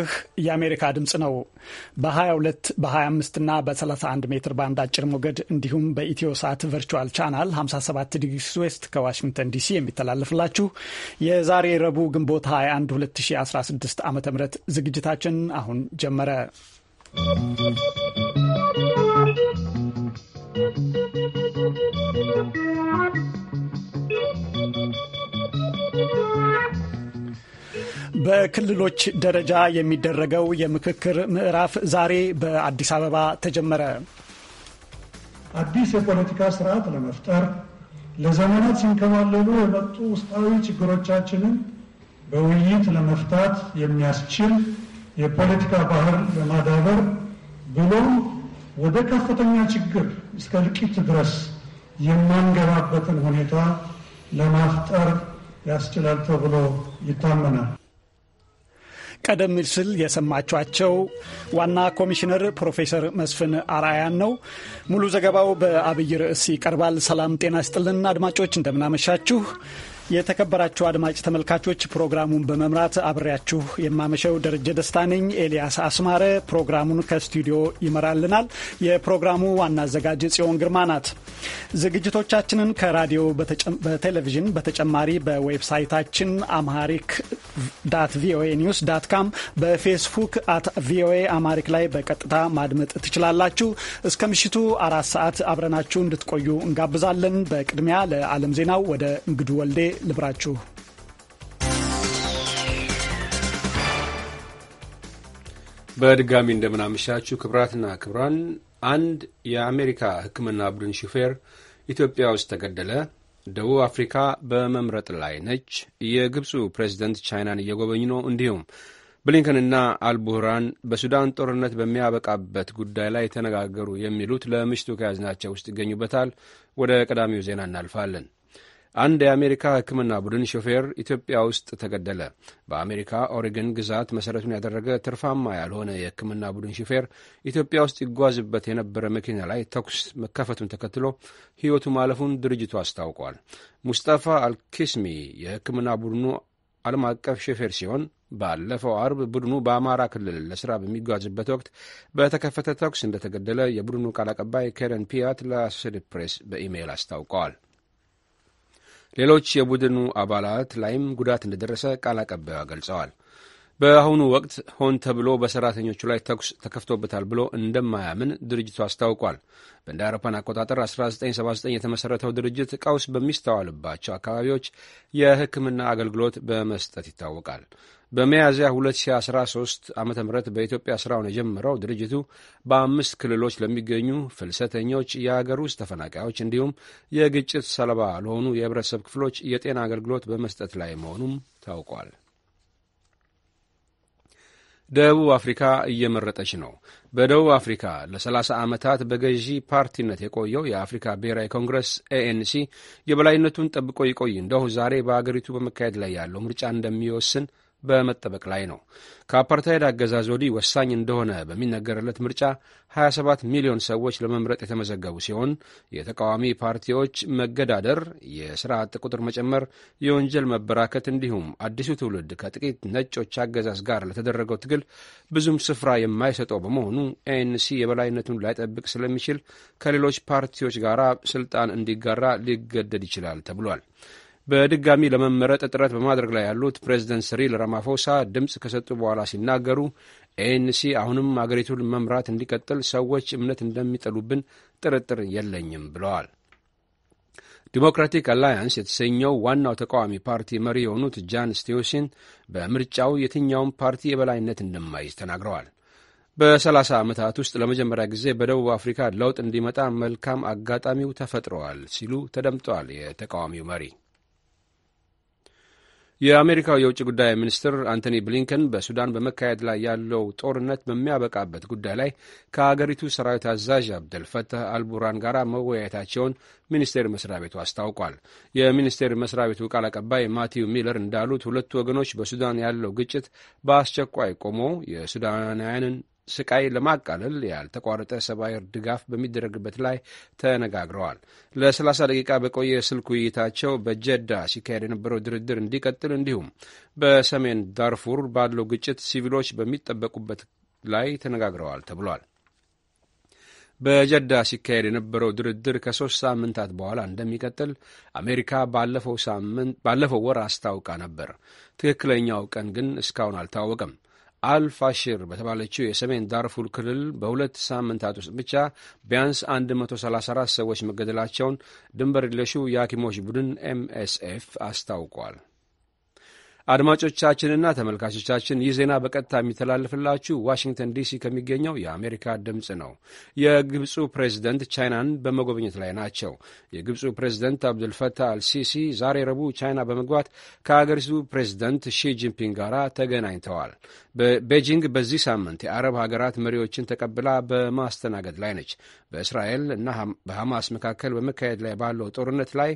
ይህ የአሜሪካ ድምፅ ነው። በ22 በ25 እና በ31 ሜትር ባንድ አጭር ሞገድ እንዲሁም በኢትዮ ሳት ቨርቹዋል ቻናል 57 ዲግሪ ስዌስት ከዋሽንግተን ዲሲ የሚተላለፍላችሁ የዛሬ ረቡዕ ግንቦት 21 2016 ዓ ም ዝግጅታችን አሁን ጀመረ። በክልሎች ደረጃ የሚደረገው የምክክር ምዕራፍ ዛሬ በአዲስ አበባ ተጀመረ። አዲስ የፖለቲካ ስርዓት ለመፍጠር ለዘመናት ሲንከባለሉ የመጡ ውስጣዊ ችግሮቻችንን በውይይት ለመፍታት የሚያስችል የፖለቲካ ባህል ለማዳበር ብሎም ወደ ከፍተኛ ችግር እስከ እልቂት ድረስ የማንገባበትን ሁኔታ ለማፍጠር ያስችላል ተብሎ ይታመናል። ቀደም ሲል የሰማችኋቸው ዋና ኮሚሽነር ፕሮፌሰር መስፍን አርአያን ነው። ሙሉ ዘገባው በአብይ ርዕስ ይቀርባል። ሰላም ጤና ስጥልን አድማጮች እንደምናመሻችሁ የተከበራችሁ አድማጭ ተመልካቾች ፕሮግራሙን በመምራት አብሬያችሁ የማመሸው ደረጀ ደስታ ነኝ። ኤልያስ አስማረ ፕሮግራሙን ከስቱዲዮ ይመራልናል። የፕሮግራሙ ዋና አዘጋጅ ጽዮን ግርማ ናት። ዝግጅቶቻችንን ከራዲዮ በቴሌቪዥን በተጨማሪ በዌብሳይታችን አምሃሪክ ዳት ቪኦኤ ኒውስ ዳት ካም በፌስቡክ አት ቪኦኤ አማሪክ ላይ በቀጥታ ማድመጥ ትችላላችሁ። እስከ ምሽቱ አራት ሰዓት አብረናችሁ እንድትቆዩ እንጋብዛለን። በቅድሚያ ለዓለም ዜናው ወደ እንግዱ ወልዴ ልብራችሁ። በድጋሚ እንደምናመሻችሁ ክብራትና ክብራን። አንድ የአሜሪካ ሕክምና ቡድን ሹፌር ኢትዮጵያ ውስጥ ተገደለ። ደቡብ አፍሪካ በመምረጥ ላይ ነች። የግብፁ ፕሬዚደንት ቻይናን እየጎበኙ ነው። እንዲሁም ብሊንከንና አልቡህራን በሱዳን ጦርነት በሚያበቃበት ጉዳይ ላይ ተነጋገሩ የሚሉት ለምሽቱ ከያዝናቸው ውስጥ ይገኙበታል። ወደ ቀዳሚው ዜና እናልፋለን። አንድ የአሜሪካ ሕክምና ቡድን ሾፌር ኢትዮጵያ ውስጥ ተገደለ። በአሜሪካ ኦሪገን ግዛት መሠረቱን ያደረገ ትርፋማ ያልሆነ የሕክምና ቡድን ሾፌር ኢትዮጵያ ውስጥ ይጓዝበት የነበረ መኪና ላይ ተኩስ መከፈቱን ተከትሎ ሕይወቱ ማለፉን ድርጅቱ አስታውቋል። ሙስጣፋ አልኪስሚ የሕክምና ቡድኑ ዓለም አቀፍ ሾፌር ሲሆን ባለፈው አርብ ቡድኑ በአማራ ክልል ለስራ በሚጓዝበት ወቅት በተከፈተ ተኩስ እንደተገደለ የቡድኑ ቃል አቀባይ ከረን ፒያት ለአሶሴትድ ፕሬስ በኢሜይል አስታውቀዋል። ሌሎች የቡድኑ አባላት ላይም ጉዳት እንደደረሰ ቃል አቀባዩ ገልጸዋል። በአሁኑ ወቅት ሆን ተብሎ በሰራተኞቹ ላይ ተኩስ ተከፍቶበታል ብሎ እንደማያምን ድርጅቱ አስታውቋል። በእንደ አውሮፓን አቆጣጠር 1979 የተመሠረተው ድርጅት ቀውስ በሚስተዋልባቸው አካባቢዎች የሕክምና አገልግሎት በመስጠት ይታወቃል። በሚያዝያ 2013 ዓ ም በኢትዮጵያ ሥራውን የጀመረው ድርጅቱ በአምስት ክልሎች ለሚገኙ ፍልሰተኞች፣ የአገር ውስጥ ተፈናቃዮች እንዲሁም የግጭት ሰለባ ለሆኑ የህብረተሰብ ክፍሎች የጤና አገልግሎት በመስጠት ላይ መሆኑም ታውቋል። ደቡብ አፍሪካ እየመረጠች ነው። በደቡብ አፍሪካ ለ30 ዓመታት በገዢ ፓርቲነት የቆየው የአፍሪካ ብሔራዊ ኮንግረስ ኤኤንሲ የበላይነቱን ጠብቆ ይቆይ እንደሁ ዛሬ በአገሪቱ በመካሄድ ላይ ያለው ምርጫ እንደሚወስን በመጠበቅ ላይ ነው። ከአፓርታይድ አገዛዝ ወዲህ ወሳኝ እንደሆነ በሚነገርለት ምርጫ 27 ሚሊዮን ሰዎች ለመምረጥ የተመዘገቡ ሲሆን የተቃዋሚ ፓርቲዎች መገዳደር፣ የሥራ አጥ ቁጥር መጨመር፣ የወንጀል መበራከት እንዲሁም አዲሱ ትውልድ ከጥቂት ነጮች አገዛዝ ጋር ለተደረገው ትግል ብዙም ስፍራ የማይሰጠው በመሆኑ ኤንሲ የበላይነቱን ላይጠብቅ ስለሚችል ከሌሎች ፓርቲዎች ጋር ስልጣን እንዲጋራ ሊገደድ ይችላል ተብሏል። በድጋሚ ለመመረጥ ጥረት በማድረግ ላይ ያሉት ፕሬዚደንት ስሪል ራማፎሳ ድምፅ ከሰጡ በኋላ ሲናገሩ ኤንሲ አሁንም አገሪቱን መምራት እንዲቀጥል ሰዎች እምነት እንደሚጠሉብን ጥርጥር የለኝም ብለዋል። ዲሞክራቲክ አላያንስ የተሰኘው ዋናው ተቃዋሚ ፓርቲ መሪ የሆኑት ጃን ስቴዎሲን በምርጫው የትኛውም ፓርቲ የበላይነት እንደማይዝ ተናግረዋል። በ30 ዓመታት ውስጥ ለመጀመሪያ ጊዜ በደቡብ አፍሪካ ለውጥ እንዲመጣ መልካም አጋጣሚው ተፈጥረዋል ሲሉ ተደምጠዋል የተቃዋሚው መሪ የአሜሪካው የውጭ ጉዳይ ሚኒስትር አንቶኒ ብሊንከን በሱዳን በመካሄድ ላይ ያለው ጦርነት በሚያበቃበት ጉዳይ ላይ ከሀገሪቱ ሰራዊት አዛዥ አብደልፈታህ አልቡራን ጋር መወያየታቸውን ሚኒስቴር መስሪያ ቤቱ አስታውቋል። የሚኒስቴር መስሪያ ቤቱ ቃል አቀባይ ማቲው ሚለር እንዳሉት ሁለቱ ወገኖች በሱዳን ያለው ግጭት በአስቸኳይ ቆሞ የሱዳናውያንን ስቃይ ለማቃለል ያልተቋረጠ ሰብአዊ ድጋፍ በሚደረግበት ላይ ተነጋግረዋል። ለ30 ደቂቃ በቆየ ስልክ ውይይታቸው በጀዳ ሲካሄድ የነበረው ድርድር እንዲቀጥል እንዲሁም በሰሜን ዳርፉር ባለው ግጭት ሲቪሎች በሚጠበቁበት ላይ ተነጋግረዋል ተብሏል። በጀዳ ሲካሄድ የነበረው ድርድር ከሶስት ሳምንታት በኋላ እንደሚቀጥል አሜሪካ ባለፈው ወር አስታውቃ ነበር። ትክክለኛው ቀን ግን እስካሁን አልታወቀም። አልፋሽር በተባለችው የሰሜን ዳርፉር ክልል በሁለት ሳምንታት ውስጥ ብቻ ቢያንስ 134 ሰዎች መገደላቸውን ድንበር የለሹ የሐኪሞች ቡድን ኤምኤስኤፍ አስታውቋል። አድማጮቻችንና ተመልካቾቻችን ይህ ዜና በቀጥታ የሚተላለፍላችሁ ዋሽንግተን ዲሲ ከሚገኘው የአሜሪካ ድምፅ ነው። የግብፁ ፕሬዝደንት ቻይናን በመጎብኘት ላይ ናቸው። የግብፁ ፕሬዝደንት አብዱልፈታህ አልሲሲ ዛሬ ረቡዕ ቻይና በመግባት ከሀገሪቱ ፕሬዝደንት ጂንፒንግ ጋር ተገናኝተዋል። በቤጂንግ በዚህ ሳምንት የአረብ ሀገራት መሪዎችን ተቀብላ በማስተናገድ ላይ ነች። በእስራኤል እና በሐማስ መካከል በመካሄድ ላይ ባለው ጦርነት ላይ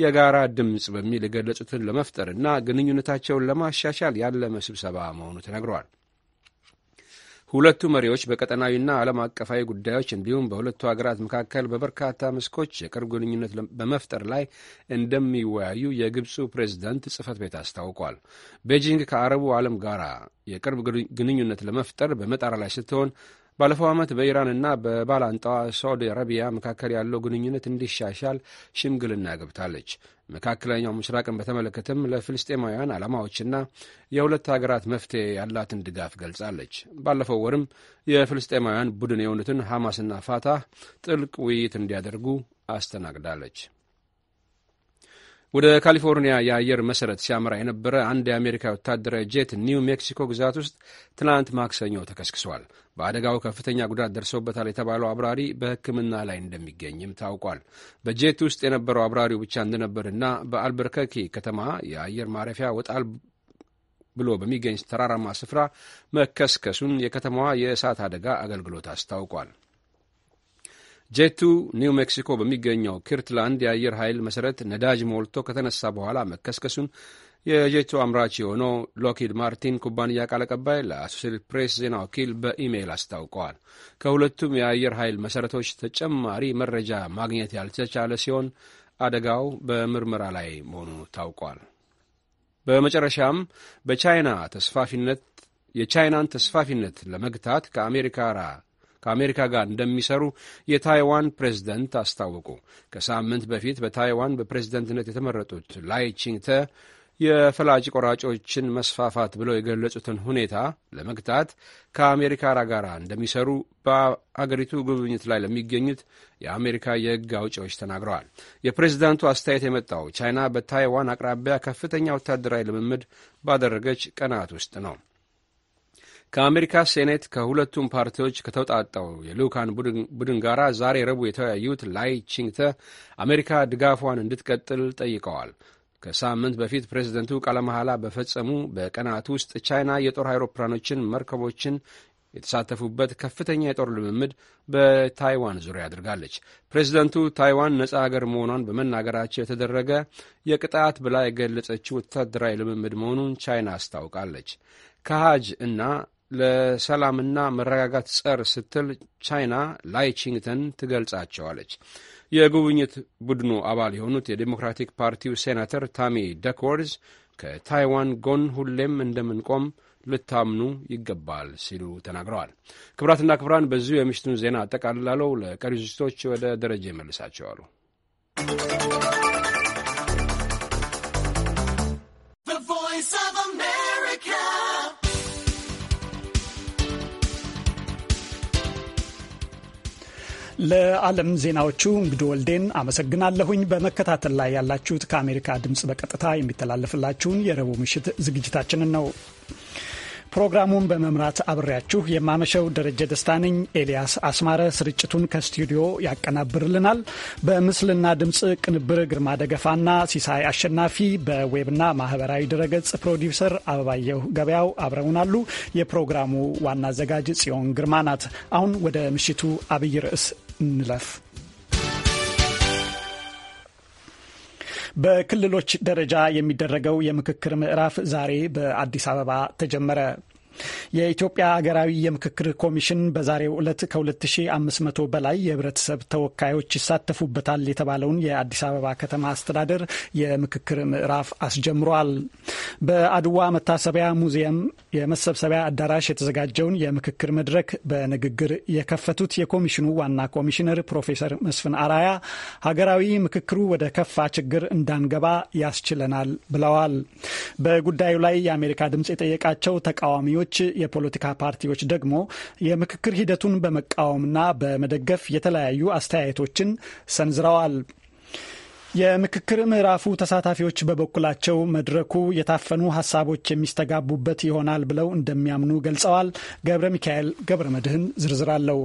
የጋራ ድምፅ በሚል የገለጹትን ለመፍጠርና ግንኙነታቸውን ለማሻሻል ያለመ ስብሰባ መሆኑ ተነግረዋል። ሁለቱ መሪዎች በቀጠናዊና ዓለም አቀፋዊ ጉዳዮች እንዲሁም በሁለቱ ሀገራት መካከል በበርካታ መስኮች የቅርብ ግንኙነት በመፍጠር ላይ እንደሚወያዩ የግብፁ ፕሬዝዳንት ጽህፈት ቤት አስታውቋል። ቤጂንግ ከአረቡ ዓለም ጋር የቅርብ ግንኙነት ለመፍጠር በመጣር ላይ ስትሆን ባለፈው ዓመት በኢራንና በባላንጣዋ ሳዑዲ አረቢያ መካከል ያለው ግንኙነት እንዲሻሻል ሽምግልና ገብታለች። መካከለኛው ምስራቅን በተመለከተም ለፍልስጤማውያን ዓላማዎችና የሁለት ሀገራት መፍትሄ ያላትን ድጋፍ ገልጻለች። ባለፈው ወርም የፍልስጤማውያን ቡድን የሆኑትን ሐማስና ፋታህ ጥልቅ ውይይት እንዲያደርጉ አስተናግዳለች። ወደ ካሊፎርኒያ የአየር መሠረት ሲያመራ የነበረ አንድ የአሜሪካ ወታደራዊ ጄት ኒው ሜክሲኮ ግዛት ውስጥ ትናንት ማክሰኞ ተከስክሷል። በአደጋው ከፍተኛ ጉዳት ደርሶበታል የተባለው አብራሪ በሕክምና ላይ እንደሚገኝም ታውቋል። በጄት ውስጥ የነበረው አብራሪው ብቻ እንደነበርና በአልበርከኪ ከተማ የአየር ማረፊያ ወጣል ብሎ በሚገኝ ተራራማ ስፍራ መከስከሱን የከተማዋ የእሳት አደጋ አገልግሎት አስታውቋል። ጄቱ ኒው ሜክሲኮ በሚገኘው ኪርትላንድ የአየር ኃይል መሠረት ነዳጅ ሞልቶ ከተነሳ በኋላ መከስከሱን የጄቱ አምራች የሆነው ሎኪድ ማርቲን ኩባንያ ቃል አቀባይ ለአሶሴትድ ፕሬስ ዜና ወኪል በኢሜይል አስታውቀዋል። ከሁለቱም የአየር ኃይል መሠረቶች ተጨማሪ መረጃ ማግኘት ያልተቻለ ሲሆን አደጋው በምርመራ ላይ መሆኑ ታውቋል። በመጨረሻም በቻይና ተስፋፊነት የቻይናን ተስፋፊነት ለመግታት ከአሜሪካ ከአሜሪካ ጋር እንደሚሰሩ የታይዋን ፕሬዝደንት አስታወቁ። ከሳምንት በፊት በታይዋን በፕሬዝደንትነት የተመረጡት ላይቺንግተ የፈላጭ ቆራጮችን መስፋፋት ብለው የገለጹትን ሁኔታ ለመግታት ከአሜሪካ ጋር እንደሚሰሩ በአገሪቱ ጉብኝት ላይ ለሚገኙት የአሜሪካ የሕግ አውጪዎች ተናግረዋል። የፕሬዚዳንቱ አስተያየት የመጣው ቻይና በታይዋን አቅራቢያ ከፍተኛ ወታደራዊ ልምምድ ባደረገች ቀናት ውስጥ ነው። ከአሜሪካ ሴኔት ከሁለቱም ፓርቲዎች ከተውጣጣው የልዑካን ቡድን ጋር ዛሬ ረቡዕ የተወያዩት ላይ ቺንግተ አሜሪካ ድጋፏን እንድትቀጥል ጠይቀዋል። ከሳምንት በፊት ፕሬዝደንቱ ቃለ መሐላ በፈጸሙ በቀናት ውስጥ ቻይና የጦር አይሮፕላኖችን፣ መርከቦችን የተሳተፉበት ከፍተኛ የጦር ልምምድ በታይዋን ዙሪያ አድርጋለች። ፕሬዚደንቱ ታይዋን ነጻ ሀገር መሆኗን በመናገራቸው የተደረገ የቅጣት ብላ የገለጸችው ወታደራዊ ልምምድ መሆኑን ቻይና አስታውቃለች። ከሃጅ እና ለሰላምና መረጋጋት ጸር ስትል ቻይና ላይቺንግተን ትገልጻቸዋለች። የጉብኝት ቡድኑ አባል የሆኑት የዴሞክራቲክ ፓርቲው ሴናተር ታሚ ደክወርዝ ከታይዋን ጎን ሁሌም እንደምንቆም ልታምኑ ይገባል ሲሉ ተናግረዋል። ክቡራትና ክቡራን፣ በዚሁ የምሽቱን ዜና አጠቃልላለው። ለቀሪ ዝግጅቶች ወደ ደረጀ ይመልሳቸዋሉ። ለዓለም ዜናዎቹ እንግዲህ ወልዴን አመሰግናለሁኝ። በመከታተል ላይ ያላችሁት ከአሜሪካ ድምፅ በቀጥታ የሚተላለፍላችሁን የረቡዕ ምሽት ዝግጅታችንን ነው። ፕሮግራሙን በመምራት አብሬያችሁ የማመሸው ደረጀ ደስታ ነኝ። ኤልያስ አስማረ ስርጭቱን ከስቱዲዮ ያቀናብርልናል። በምስልና ድምፅ ቅንብር ግርማ ደገፋና ሲሳይ አሸናፊ፣ በዌብና ማህበራዊ ድረገጽ ፕሮዲውሰር አበባየሁ ገበያው አብረውናሉ። የፕሮግራሙ ዋና አዘጋጅ ጽዮን ግርማ ናት። አሁን ወደ ምሽቱ አብይ ርዕስ እንለፍ። በክልሎች ደረጃ የሚደረገው የምክክር ምዕራፍ ዛሬ በአዲስ አበባ ተጀመረ። የኢትዮጵያ ሀገራዊ የምክክር ኮሚሽን በዛሬው ዕለት ከ2500 በላይ የህብረተሰብ ተወካዮች ይሳተፉበታል የተባለውን የአዲስ አበባ ከተማ አስተዳደር የምክክር ምዕራፍ አስጀምሯል። በአድዋ መታሰቢያ ሙዚየም የመሰብሰቢያ አዳራሽ የተዘጋጀውን የምክክር መድረክ በንግግር የከፈቱት የኮሚሽኑ ዋና ኮሚሽነር ፕሮፌሰር መስፍን አራያ ሀገራዊ ምክክሩ ወደ ከፋ ችግር እንዳንገባ ያስችለናል ብለዋል። በጉዳዩ ላይ የአሜሪካ ድምጽ የጠየቃቸው ተቃዋሚዎች ሌሎች የፖለቲካ ፓርቲዎች ደግሞ የምክክር ሂደቱን በመቃወምና በመደገፍ የተለያዩ አስተያየቶችን ሰንዝረዋል። የምክክር ምዕራፉ ተሳታፊዎች በበኩላቸው መድረኩ የታፈኑ ሀሳቦች የሚስተጋቡበት ይሆናል ብለው እንደሚያምኑ ገልጸዋል። ገብረ ሚካኤል ገብረ መድህን ዝርዝር አለው።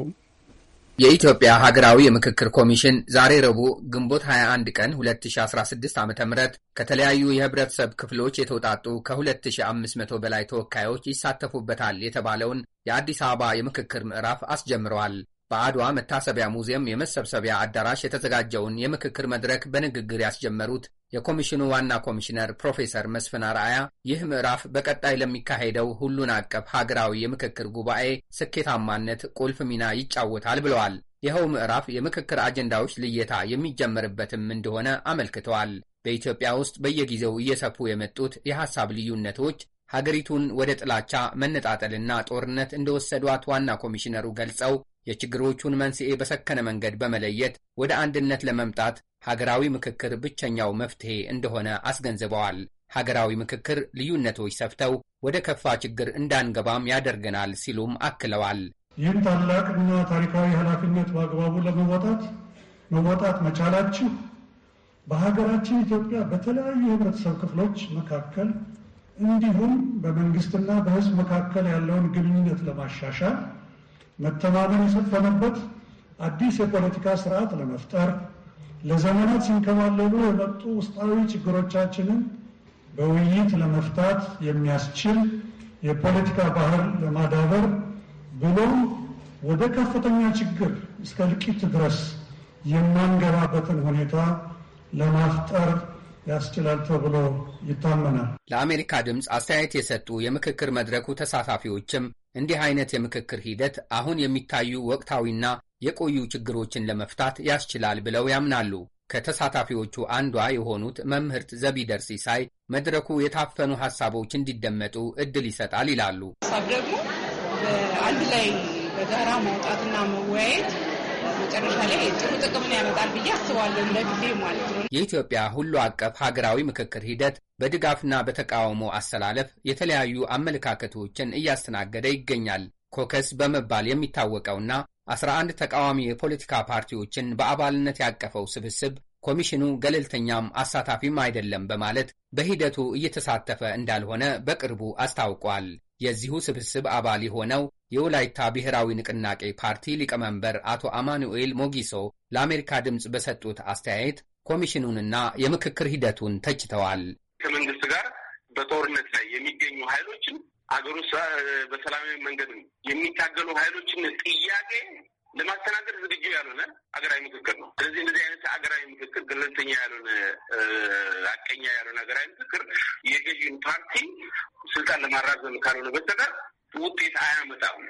የኢትዮጵያ ሀገራዊ የምክክር ኮሚሽን ዛሬ ረቡዕ ግንቦት 21 ቀን 2016 ዓ ም ከተለያዩ የህብረተሰብ ክፍሎች የተውጣጡ ከ2500 በላይ ተወካዮች ይሳተፉበታል የተባለውን የአዲስ አበባ የምክክር ምዕራፍ አስጀምረዋል። በአድዋ መታሰቢያ ሙዚየም የመሰብሰቢያ አዳራሽ የተዘጋጀውን የምክክር መድረክ በንግግር ያስጀመሩት የኮሚሽኑ ዋና ኮሚሽነር ፕሮፌሰር መስፍን አርአያ ይህ ምዕራፍ በቀጣይ ለሚካሄደው ሁሉን አቀፍ ሀገራዊ የምክክር ጉባኤ ስኬታማነት ቁልፍ ሚና ይጫወታል ብለዋል። ይኸው ምዕራፍ የምክክር አጀንዳዎች ልየታ የሚጀመርበትም እንደሆነ አመልክተዋል። በኢትዮጵያ ውስጥ በየጊዜው እየሰፉ የመጡት የሐሳብ ልዩነቶች ሀገሪቱን ወደ ጥላቻ መነጣጠልና ጦርነት እንደወሰዷት ዋና ኮሚሽነሩ ገልጸው የችግሮቹን መንስኤ በሰከነ መንገድ በመለየት ወደ አንድነት ለመምጣት ሀገራዊ ምክክር ብቸኛው መፍትሄ እንደሆነ አስገንዝበዋል። ሀገራዊ ምክክር ልዩነቶች ሰፍተው ወደ ከፋ ችግር እንዳንገባም ያደርገናል ሲሉም አክለዋል። ይህን ታላቅና ታሪካዊ ኃላፊነት በአግባቡ ለመወጣት መወጣት መቻላችሁ በሀገራችን ኢትዮጵያ በተለያዩ የህብረተሰብ ክፍሎች መካከል እንዲሁም በመንግስትና በህዝብ መካከል ያለውን ግንኙነት ለማሻሻል መተማመን የሰፈነበት አዲስ የፖለቲካ ስርዓት ለመፍጠር ለዘመናት ሲንከባለሉ የመጡ ውስጣዊ ችግሮቻችንን በውይይት ለመፍታት የሚያስችል የፖለቲካ ባህል ለማዳበር ብሎም ወደ ከፍተኛ ችግር እስከ እልቂት ድረስ የማንገባበትን ሁኔታ ለማፍጠር ያስችላል ተብሎ ይታመናል። ለአሜሪካ ድምፅ አስተያየት የሰጡ የምክክር መድረኩ ተሳታፊዎችም እንዲህ አይነት የምክክር ሂደት አሁን የሚታዩ ወቅታዊና የቆዩ ችግሮችን ለመፍታት ያስችላል ብለው ያምናሉ። ከተሳታፊዎቹ አንዷ የሆኑት መምህርት ዘቢደር ሲሳይ መድረኩ የታፈኑ ሀሳቦች እንዲደመጡ እድል ይሰጣል ይላሉ። ሀሳብ ደግሞ አንድ ላይ በጋራ መውጣትና መወያየት መጨረሻ ላይ ጥሩ ጥቅምን ያመጣል ብዬ አስባለሁ፣ ለጊዜ ማለት ነው። የኢትዮጵያ ሁሉ አቀፍ ሀገራዊ ምክክር ሂደት በድጋፍና በተቃውሞ አሰላለፍ የተለያዩ አመለካከቶችን እያስተናገደ ይገኛል። ኮከስ በመባል የሚታወቀውና 11 ተቃዋሚ የፖለቲካ ፓርቲዎችን በአባልነት ያቀፈው ስብስብ ኮሚሽኑ ገለልተኛም አሳታፊም አይደለም በማለት በሂደቱ እየተሳተፈ እንዳልሆነ በቅርቡ አስታውቋል። የዚሁ ስብስብ አባል የሆነው የወላይታ ብሔራዊ ንቅናቄ ፓርቲ ሊቀመንበር አቶ አማኑኤል ሞጊሶ ለአሜሪካ ድምፅ በሰጡት አስተያየት ኮሚሽኑንና የምክክር ሂደቱን ተችተዋል። ከመንግስት ጋር በጦርነት ላይ የሚገኙ ኃይሎችን አገሩ በሰላማዊ መንገድ የሚታገሉ ኃይሎችን ጥያቄ ለማስተናገድ ዝግጁ ያልሆነ አገራዊ ምክክር ነው። ስለዚህ እንደዚህ አይነት አገራዊ ምክክር፣ ገለልተኛ ያልሆነ አቀኛ ያልሆነ አገራዊ ምክክር የገዥን ፓርቲ ስልጣን ለማራዘም ካልሆነ በስተቀር ውጤት አያመጣም።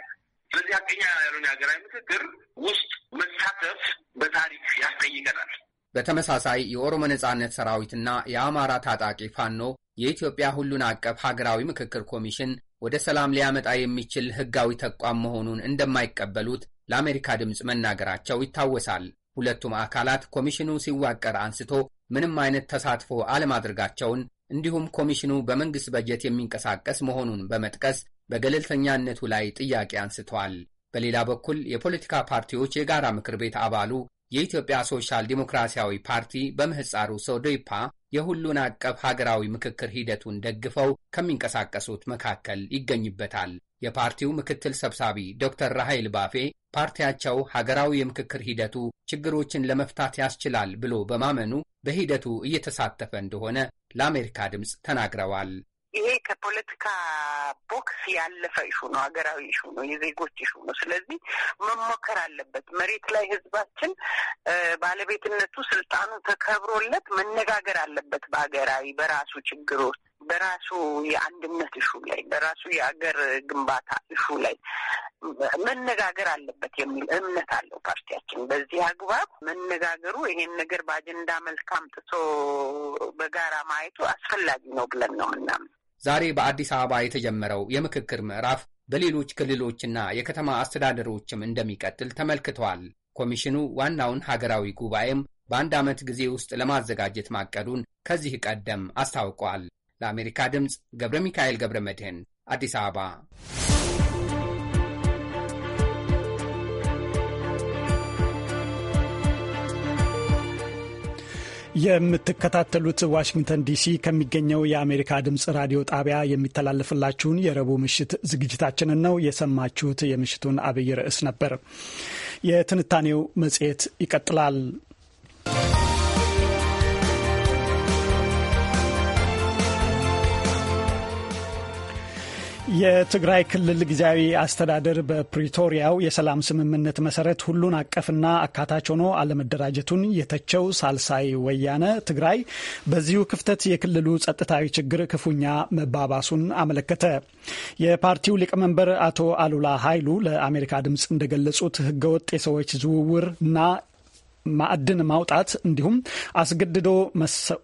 ስለዚህ አቀኛ ያልሆነ አገራዊ ምክክር ውስጥ መሳተፍ በታሪክ ያስጠይቀናል። በተመሳሳይ የኦሮሞ ነጻነት ሰራዊትና የአማራ ታጣቂ ፋኖ የኢትዮጵያ ሁሉን አቀፍ ሀገራዊ ምክክር ኮሚሽን ወደ ሰላም ሊያመጣ የሚችል ህጋዊ ተቋም መሆኑን እንደማይቀበሉት ለአሜሪካ ድምፅ መናገራቸው ይታወሳል። ሁለቱም አካላት ኮሚሽኑ ሲዋቀር አንስቶ ምንም አይነት ተሳትፎ አለማድረጋቸውን እንዲሁም ኮሚሽኑ በመንግሥት በጀት የሚንቀሳቀስ መሆኑን በመጥቀስ በገለልተኛነቱ ላይ ጥያቄ አንስተዋል። በሌላ በኩል የፖለቲካ ፓርቲዎች የጋራ ምክር ቤት አባሉ የኢትዮጵያ ሶሻል ዲሞክራሲያዊ ፓርቲ በምህፃሩ ሶዴፓ የሁሉን አቀፍ ሀገራዊ ምክክር ሂደቱን ደግፈው ከሚንቀሳቀሱት መካከል ይገኝበታል። የፓርቲው ምክትል ሰብሳቢ ዶክተር ራሃይል ባፌ ፓርቲያቸው ሀገራዊ የምክክር ሂደቱ ችግሮችን ለመፍታት ያስችላል ብሎ በማመኑ በሂደቱ እየተሳተፈ እንደሆነ ለአሜሪካ ድምፅ ተናግረዋል። ይሄ ከፖለቲካ ቦክስ ያለፈ ኢሹ ነው፣ ሀገራዊ ኢሹ ነው፣ የዜጎች ኢሹ ነው። ስለዚህ መሞከር አለበት። መሬት ላይ ህዝባችን ባለቤትነቱ ስልጣኑ ተከብሮለት መነጋገር አለበት። በሀገራዊ በራሱ ችግሮች በራሱ የአንድነት እሹ ላይ በራሱ የአገር ግንባታ እሹ ላይ መነጋገር አለበት የሚል እምነት አለው ፓርቲያችን። በዚህ አግባብ መነጋገሩ ይሄን ነገር በአጀንዳ መልክ አምጥቶ በጋራ ማየቱ አስፈላጊ ነው ብለን ነው ምናምን ዛሬ በአዲስ አበባ የተጀመረው የምክክር ምዕራፍ በሌሎች ክልሎችና የከተማ አስተዳደሮችም እንደሚቀጥል ተመልክተዋል። ኮሚሽኑ ዋናውን ሀገራዊ ጉባኤም በአንድ ዓመት ጊዜ ውስጥ ለማዘጋጀት ማቀዱን ከዚህ ቀደም አስታውቋል። ለአሜሪካ ድምፅ ገብረ ሚካኤል ገብረ መድህን አዲስ አበባ የምትከታተሉት ዋሽንግተን ዲሲ ከሚገኘው የአሜሪካ ድምፅ ራዲዮ ጣቢያ የሚተላለፍላችሁን የረቡዕ ምሽት ዝግጅታችንን ነው የሰማችሁት። የምሽቱን አብይ ርዕስ ነበር። የትንታኔው መጽሔት ይቀጥላል። የትግራይ ክልል ጊዜያዊ አስተዳደር በፕሪቶሪያው የሰላም ስምምነት መሰረት ሁሉን አቀፍና አካታች ሆኖ አለመደራጀቱን የተቸው ሳልሳይ ወያነ ትግራይ በዚሁ ክፍተት የክልሉ ጸጥታዊ ችግር ክፉኛ መባባሱን አመለከተ። የፓርቲው ሊቀመንበር አቶ አሉላ ኃይሉ ለአሜሪካ ድምፅ እንደገለጹት ህገወጥ የሰዎች ዝውውር እና ማዕድን ማውጣት እንዲሁም አስገድዶ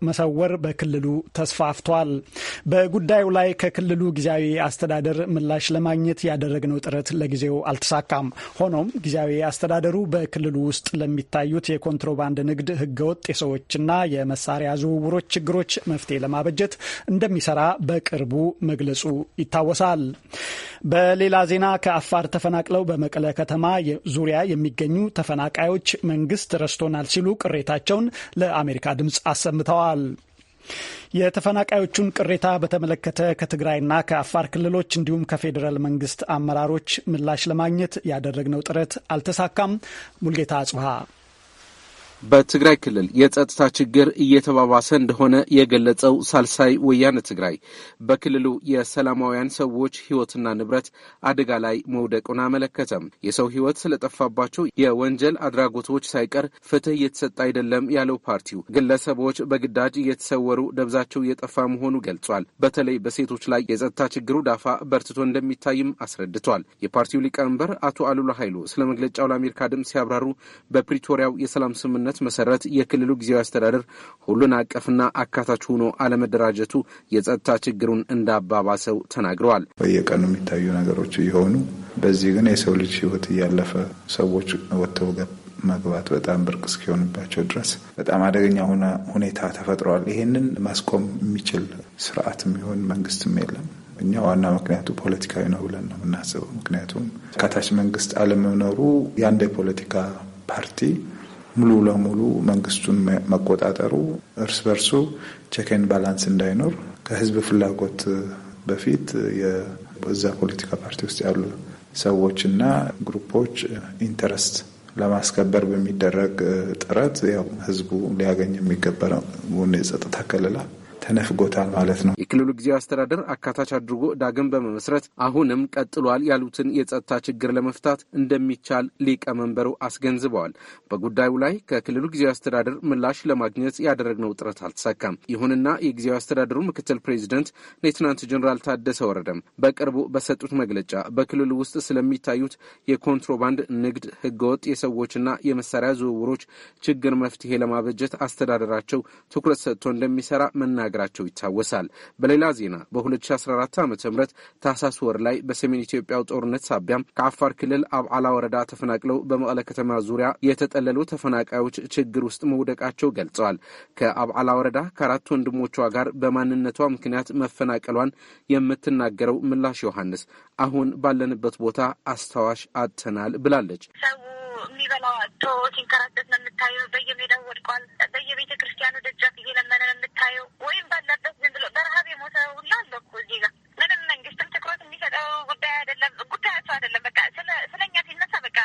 መሰወር በክልሉ ተስፋፍቷል። በጉዳዩ ላይ ከክልሉ ጊዜያዊ አስተዳደር ምላሽ ለማግኘት ያደረግነው ጥረት ለጊዜው አልተሳካም። ሆኖም ጊዜያዊ አስተዳደሩ በክልሉ ውስጥ ለሚታዩት የኮንትሮባንድ ንግድ፣ ህገወጥ የሰዎችና የመሳሪያ ዝውውሮች ችግሮች መፍትሄ ለማበጀት እንደሚሰራ በቅርቡ መግለጹ ይታወሳል። በሌላ ዜና ከአፋር ተፈናቅለው በመቀለ ከተማ ዙሪያ የሚገኙ ተፈናቃዮች መንግስት ገዝቶናል ሲሉ ቅሬታቸውን ለአሜሪካ ድምፅ አሰምተዋል። የተፈናቃዮቹን ቅሬታ በተመለከተ ከትግራይና ከአፋር ክልሎች እንዲሁም ከፌዴራል መንግስት አመራሮች ምላሽ ለማግኘት ያደረግነው ጥረት አልተሳካም። ሙልጌታ አጽብሃ በትግራይ ክልል የጸጥታ ችግር እየተባባሰ እንደሆነ የገለጸው ሳልሳይ ወያነ ትግራይ በክልሉ የሰላማውያን ሰዎች ሕይወትና ንብረት አደጋ ላይ መውደቁን አመለከተም። የሰው ሕይወት ስለጠፋባቸው የወንጀል አድራጎቶች ሳይቀር ፍትህ እየተሰጠ አይደለም ያለው ፓርቲው ግለሰቦች በግዳጅ እየተሰወሩ ደብዛቸው እየጠፋ መሆኑ ገልጿል። በተለይ በሴቶች ላይ የጸጥታ ችግሩ ዳፋ በርትቶ እንደሚታይም አስረድቷል። የፓርቲው ሊቀመንበር አቶ አሉላ ኃይሉ ስለ መግለጫው ለአሜሪካ ድምፅ ሲያብራሩ በፕሪቶሪያው የሰላም ስምምነት ስምምነት መሰረት የክልሉ ጊዜያዊ አስተዳደር ሁሉን አቀፍና አካታች ሆኖ አለመደራጀቱ የጸጥታ ችግሩን እንዳባባሰው ተናግረዋል። በየቀኑ የሚታዩ ነገሮች የሆኑ በዚህ ግን የሰው ልጅ ህይወት እያለፈ ሰዎች ወጥተው መግባት በጣም ብርቅ እስኪሆንባቸው ድረስ በጣም አደገኛ ሆነ ሁኔታ ተፈጥሯዋል። ይሄንን ማስቆም የሚችል ስርዓትም የሚሆን መንግስትም የለም። እኛ ዋና ምክንያቱ ፖለቲካዊ ነው ብለን ነው የምናስበው። ምክንያቱም ከታች መንግስት አለመኖሩ የአንድ የፖለቲካ ፓርቲ ሙሉ ለሙሉ መንግስቱን መቆጣጠሩ እርስ በርሱ ቼክን ባላንስ እንዳይኖር ከህዝብ ፍላጎት በፊት በዛ ፖለቲካ ፓርቲ ውስጥ ያሉ ሰዎችና ግሩፖች ኢንተረስት ለማስከበር በሚደረግ ጥረት ያው ህዝቡ ሊያገኝ የሚገባውን የጸጥታ ከለላ ተነፍጎታል ማለት ነው። የክልሉ ጊዜያዊ አስተዳደር አካታች አድርጎ ዳግም በመመስረት አሁንም ቀጥሏል ያሉትን የጸጥታ ችግር ለመፍታት እንደሚቻል ሊቀመንበሩ አስገንዝበዋል። በጉዳዩ ላይ ከክልሉ ጊዜያዊ አስተዳደር ምላሽ ለማግኘት ያደረግነው ጥረት አልተሳካም። ይሁንና የጊዜያዊ አስተዳደሩ ምክትል ፕሬዚደንት ሌትናንት ጀኔራል ታደሰ ወረደም በቅርቡ በሰጡት መግለጫ በክልሉ ውስጥ ስለሚታዩት የኮንትሮባንድ ንግድ፣ ህገወጥ የሰዎችና የመሳሪያ ዝውውሮች ችግር መፍትሄ ለማበጀት አስተዳደራቸው ትኩረት ሰጥቶ እንደሚሰራ መናገ መናገራቸው ይታወሳል። በሌላ ዜና በ2014 ዓ ም ታህሳስ ወር ላይ በሰሜን ኢትዮጵያው ጦርነት ሳቢያም ከአፋር ክልል አብዓላ ወረዳ ተፈናቅለው በመቀለ ከተማ ዙሪያ የተጠለሉ ተፈናቃዮች ችግር ውስጥ መውደቃቸው ገልጸዋል። ከአብዓላ ወረዳ ከአራት ወንድሞቿ ጋር በማንነቷ ምክንያት መፈናቀሏን የምትናገረው ምላሽ ዮሐንስ አሁን ባለንበት ቦታ አስታዋሽ አጥተናል ብላለች። የሚበላው አቶ ሲንከራተት ነው የምታየው። በየሜዳው ወድቋል። በየቤተ ክርስቲያኑ ደጃፍ እየለመነ ነው የምታየው። ወይም ባለበት ዝም ብሎ በረሀብ የሞተ ሁላ አለ እኮ እዚህ ጋር። ምንም መንግስትም ትኩረት የሚሰጠው ጉዳይ አይደለም፣ ጉዳያቸው አይደለም። በቃ ስለኛ ሲነሳ በቃ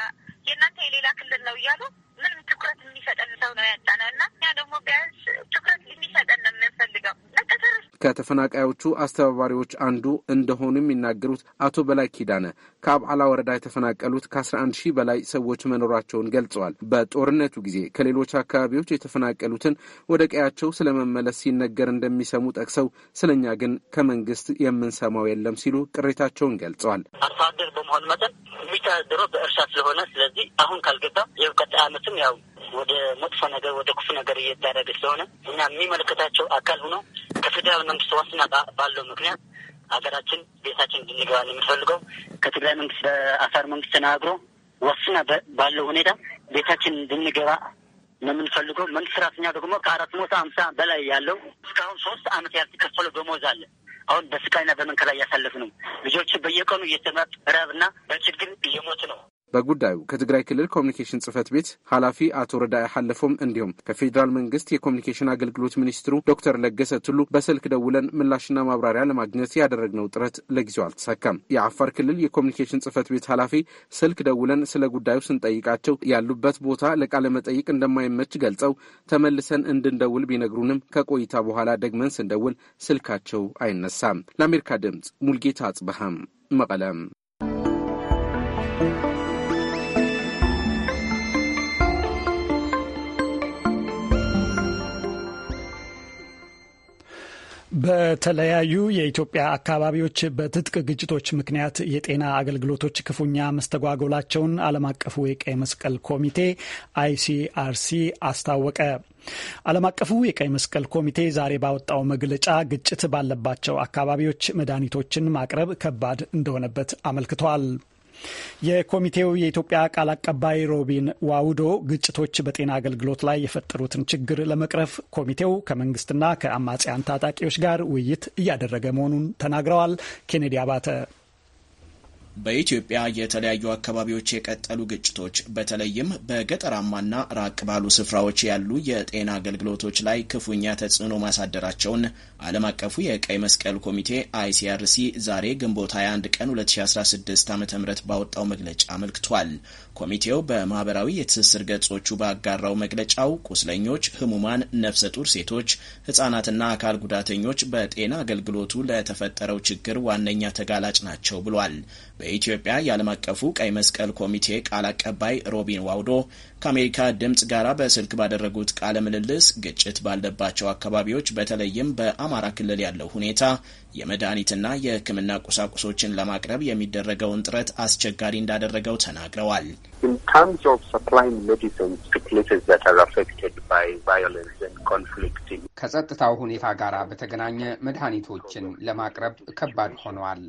የእናንተ የሌላ ክልል ነው እያሉ ምንም ትኩረት የሚሰጠን ሰው ነው ያጣነው እና እኛ ደግሞ ቢያንስ ትኩረት እንዲሰጠን ነው የምንፈልገው። ከተፈናቃዮቹ አስተባባሪዎች አንዱ እንደሆኑ የሚናገሩት አቶ በላይ ኪዳነ ከአብዓላ ወረዳ የተፈናቀሉት ከ11 ሺህ በላይ ሰዎች መኖራቸውን ገልጸዋል። በጦርነቱ ጊዜ ከሌሎች አካባቢዎች የተፈናቀሉትን ወደ ቀያቸው ስለመመለስ ሲነገር እንደሚሰሙ ጠቅሰው ስለኛ ግን ከመንግስት የምንሰማው የለም ሲሉ ቅሬታቸውን ገልጸዋል። አርሶ አደር በመሆን መጠን የሚተዳደረው በእርሻ ስለሆነ ስለዚህ አሁን ካልገባ የቀጣይ አመት ምክንያቱም ያው ወደ መጥፎ ነገር ወደ ክፉ ነገር እየዳረገ ስለሆነ እኛ የሚመለከታቸው አካል ሆኖ ከፌዴራል መንግስት ዋስትና ባለው ምክንያት ሀገራችን ቤታችን እንድንገባ የምንፈልገው። ከትግራይ መንግስት በአፋር መንግስት ተናግሮ ዋስትና ባለው ሁኔታ ቤታችን እንድንገባ የምንፈልገው። መንግስት ራስኛ ደግሞ ከአራት መቶ ሀምሳ በላይ ያለው እስካሁን ሶስት አመት ያልተከፈለው ደሞዝ አለ። አሁን በስቃይና በመንከላ እያሳለፍ ነው። ልጆች በየቀኑ እየተመጡ ረሃብና በችግር እየሞት ነው። በጉዳዩ ከትግራይ ክልል ኮሚኒኬሽን ጽህፈት ቤት ኃላፊ አቶ ረዳኢ ሓለፎም እንዲሁም ከፌዴራል መንግስት የኮሚኒኬሽን አገልግሎት ሚኒስትሩ ዶክተር ለገሰ ቱሉ በስልክ ደውለን ምላሽና ማብራሪያ ለማግኘት ያደረግነው ጥረት ለጊዜው አልተሳካም። የአፋር ክልል የኮሚኒኬሽን ጽህፈት ቤት ኃላፊ ስልክ ደውለን ስለ ጉዳዩ ስንጠይቃቸው ያሉበት ቦታ ለቃለ መጠይቅ እንደማይመች ገልጸው ተመልሰን እንድንደውል ቢነግሩንም ከቆይታ በኋላ ደግመን ስንደውል ስልካቸው አይነሳም። ለአሜሪካ ድምፅ ሙልጌታ አጽበሃም መቀለም በተለያዩ የኢትዮጵያ አካባቢዎች በትጥቅ ግጭቶች ምክንያት የጤና አገልግሎቶች ክፉኛ መስተጓጎላቸውን ዓለም አቀፉ የቀይ መስቀል ኮሚቴ አይሲአርሲ አስታወቀ። ዓለም አቀፉ የቀይ መስቀል ኮሚቴ ዛሬ ባወጣው መግለጫ ግጭት ባለባቸው አካባቢዎች መድኃኒቶችን ማቅረብ ከባድ እንደሆነበት አመልክቷል። የኮሚቴው የኢትዮጵያ ቃል አቀባይ ሮቢን ዋውዶ ግጭቶች በጤና አገልግሎት ላይ የፈጠሩትን ችግር ለመቅረፍ ኮሚቴው ከመንግስትና ከአማጽያን ታጣቂዎች ጋር ውይይት እያደረገ መሆኑን ተናግረዋል። ኬኔዲ አባተ በኢትዮጵያ የተለያዩ አካባቢዎች የቀጠሉ ግጭቶች በተለይም በገጠራማና ራቅ ባሉ ስፍራዎች ያሉ የጤና አገልግሎቶች ላይ ክፉኛ ተጽዕኖ ማሳደራቸውን ዓለም አቀፉ የቀይ መስቀል ኮሚቴ አይሲአርሲ ዛሬ ግንቦት 21 ቀን 2016 ዓ ም ባወጣው መግለጫ አመልክቷል። ኮሚቴው በማህበራዊ የትስስር ገጾቹ ባጋራው መግለጫው ቁስለኞች፣ ህሙማን፣ ነፍሰ ጡር ሴቶች፣ ህጻናትና አካል ጉዳተኞች በጤና አገልግሎቱ ለተፈጠረው ችግር ዋነኛ ተጋላጭ ናቸው ብሏል። በኢትዮጵያ የዓለም አቀፉ ቀይ መስቀል ኮሚቴ ቃል አቀባይ ሮቢን ዋውዶ ከአሜሪካ ድምፅ ጋር በስልክ ባደረጉት ቃለ ምልልስ ግጭት ባለባቸው አካባቢዎች በተለይም በአማራ ክልል ያለው ሁኔታ የመድኃኒትና የሕክምና ቁሳቁሶችን ለማቅረብ የሚደረገውን ጥረት አስቸጋሪ እንዳደረገው ተናግረዋል። ከጸጥታው ሁኔታ ጋር በተገናኘ መድኃኒቶችን ለማቅረብ ከባድ ሆነዋል።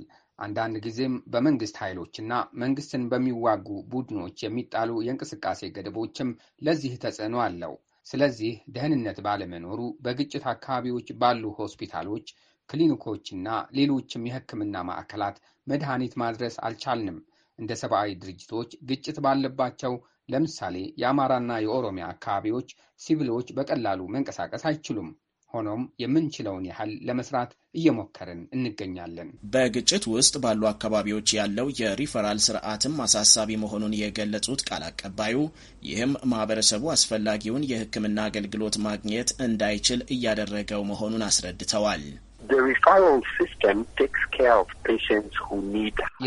አንዳንድ ጊዜም በመንግስት ኃይሎችና መንግስትን በሚዋጉ ቡድኖች የሚጣሉ የእንቅስቃሴ ገደቦችም ለዚህ ተጽዕኖ አለው። ስለዚህ ደህንነት ባለመኖሩ በግጭት አካባቢዎች ባሉ ሆስፒታሎች፣ ክሊኒኮችና ሌሎችም የሕክምና ማዕከላት መድኃኒት ማድረስ አልቻልንም። እንደ ሰብአዊ ድርጅቶች ግጭት ባለባቸው ለምሳሌ የአማራና የኦሮሚያ አካባቢዎች ሲቪሎች በቀላሉ መንቀሳቀስ አይችሉም። ሆኖም የምንችለውን ያህል ለመስራት እየሞከርን እንገኛለን። በግጭት ውስጥ ባሉ አካባቢዎች ያለው የሪፈራል ስርዓትም አሳሳቢ መሆኑን የገለጹት ቃል አቀባዩ፣ ይህም ማህበረሰቡ አስፈላጊውን የሕክምና አገልግሎት ማግኘት እንዳይችል እያደረገው መሆኑን አስረድተዋል።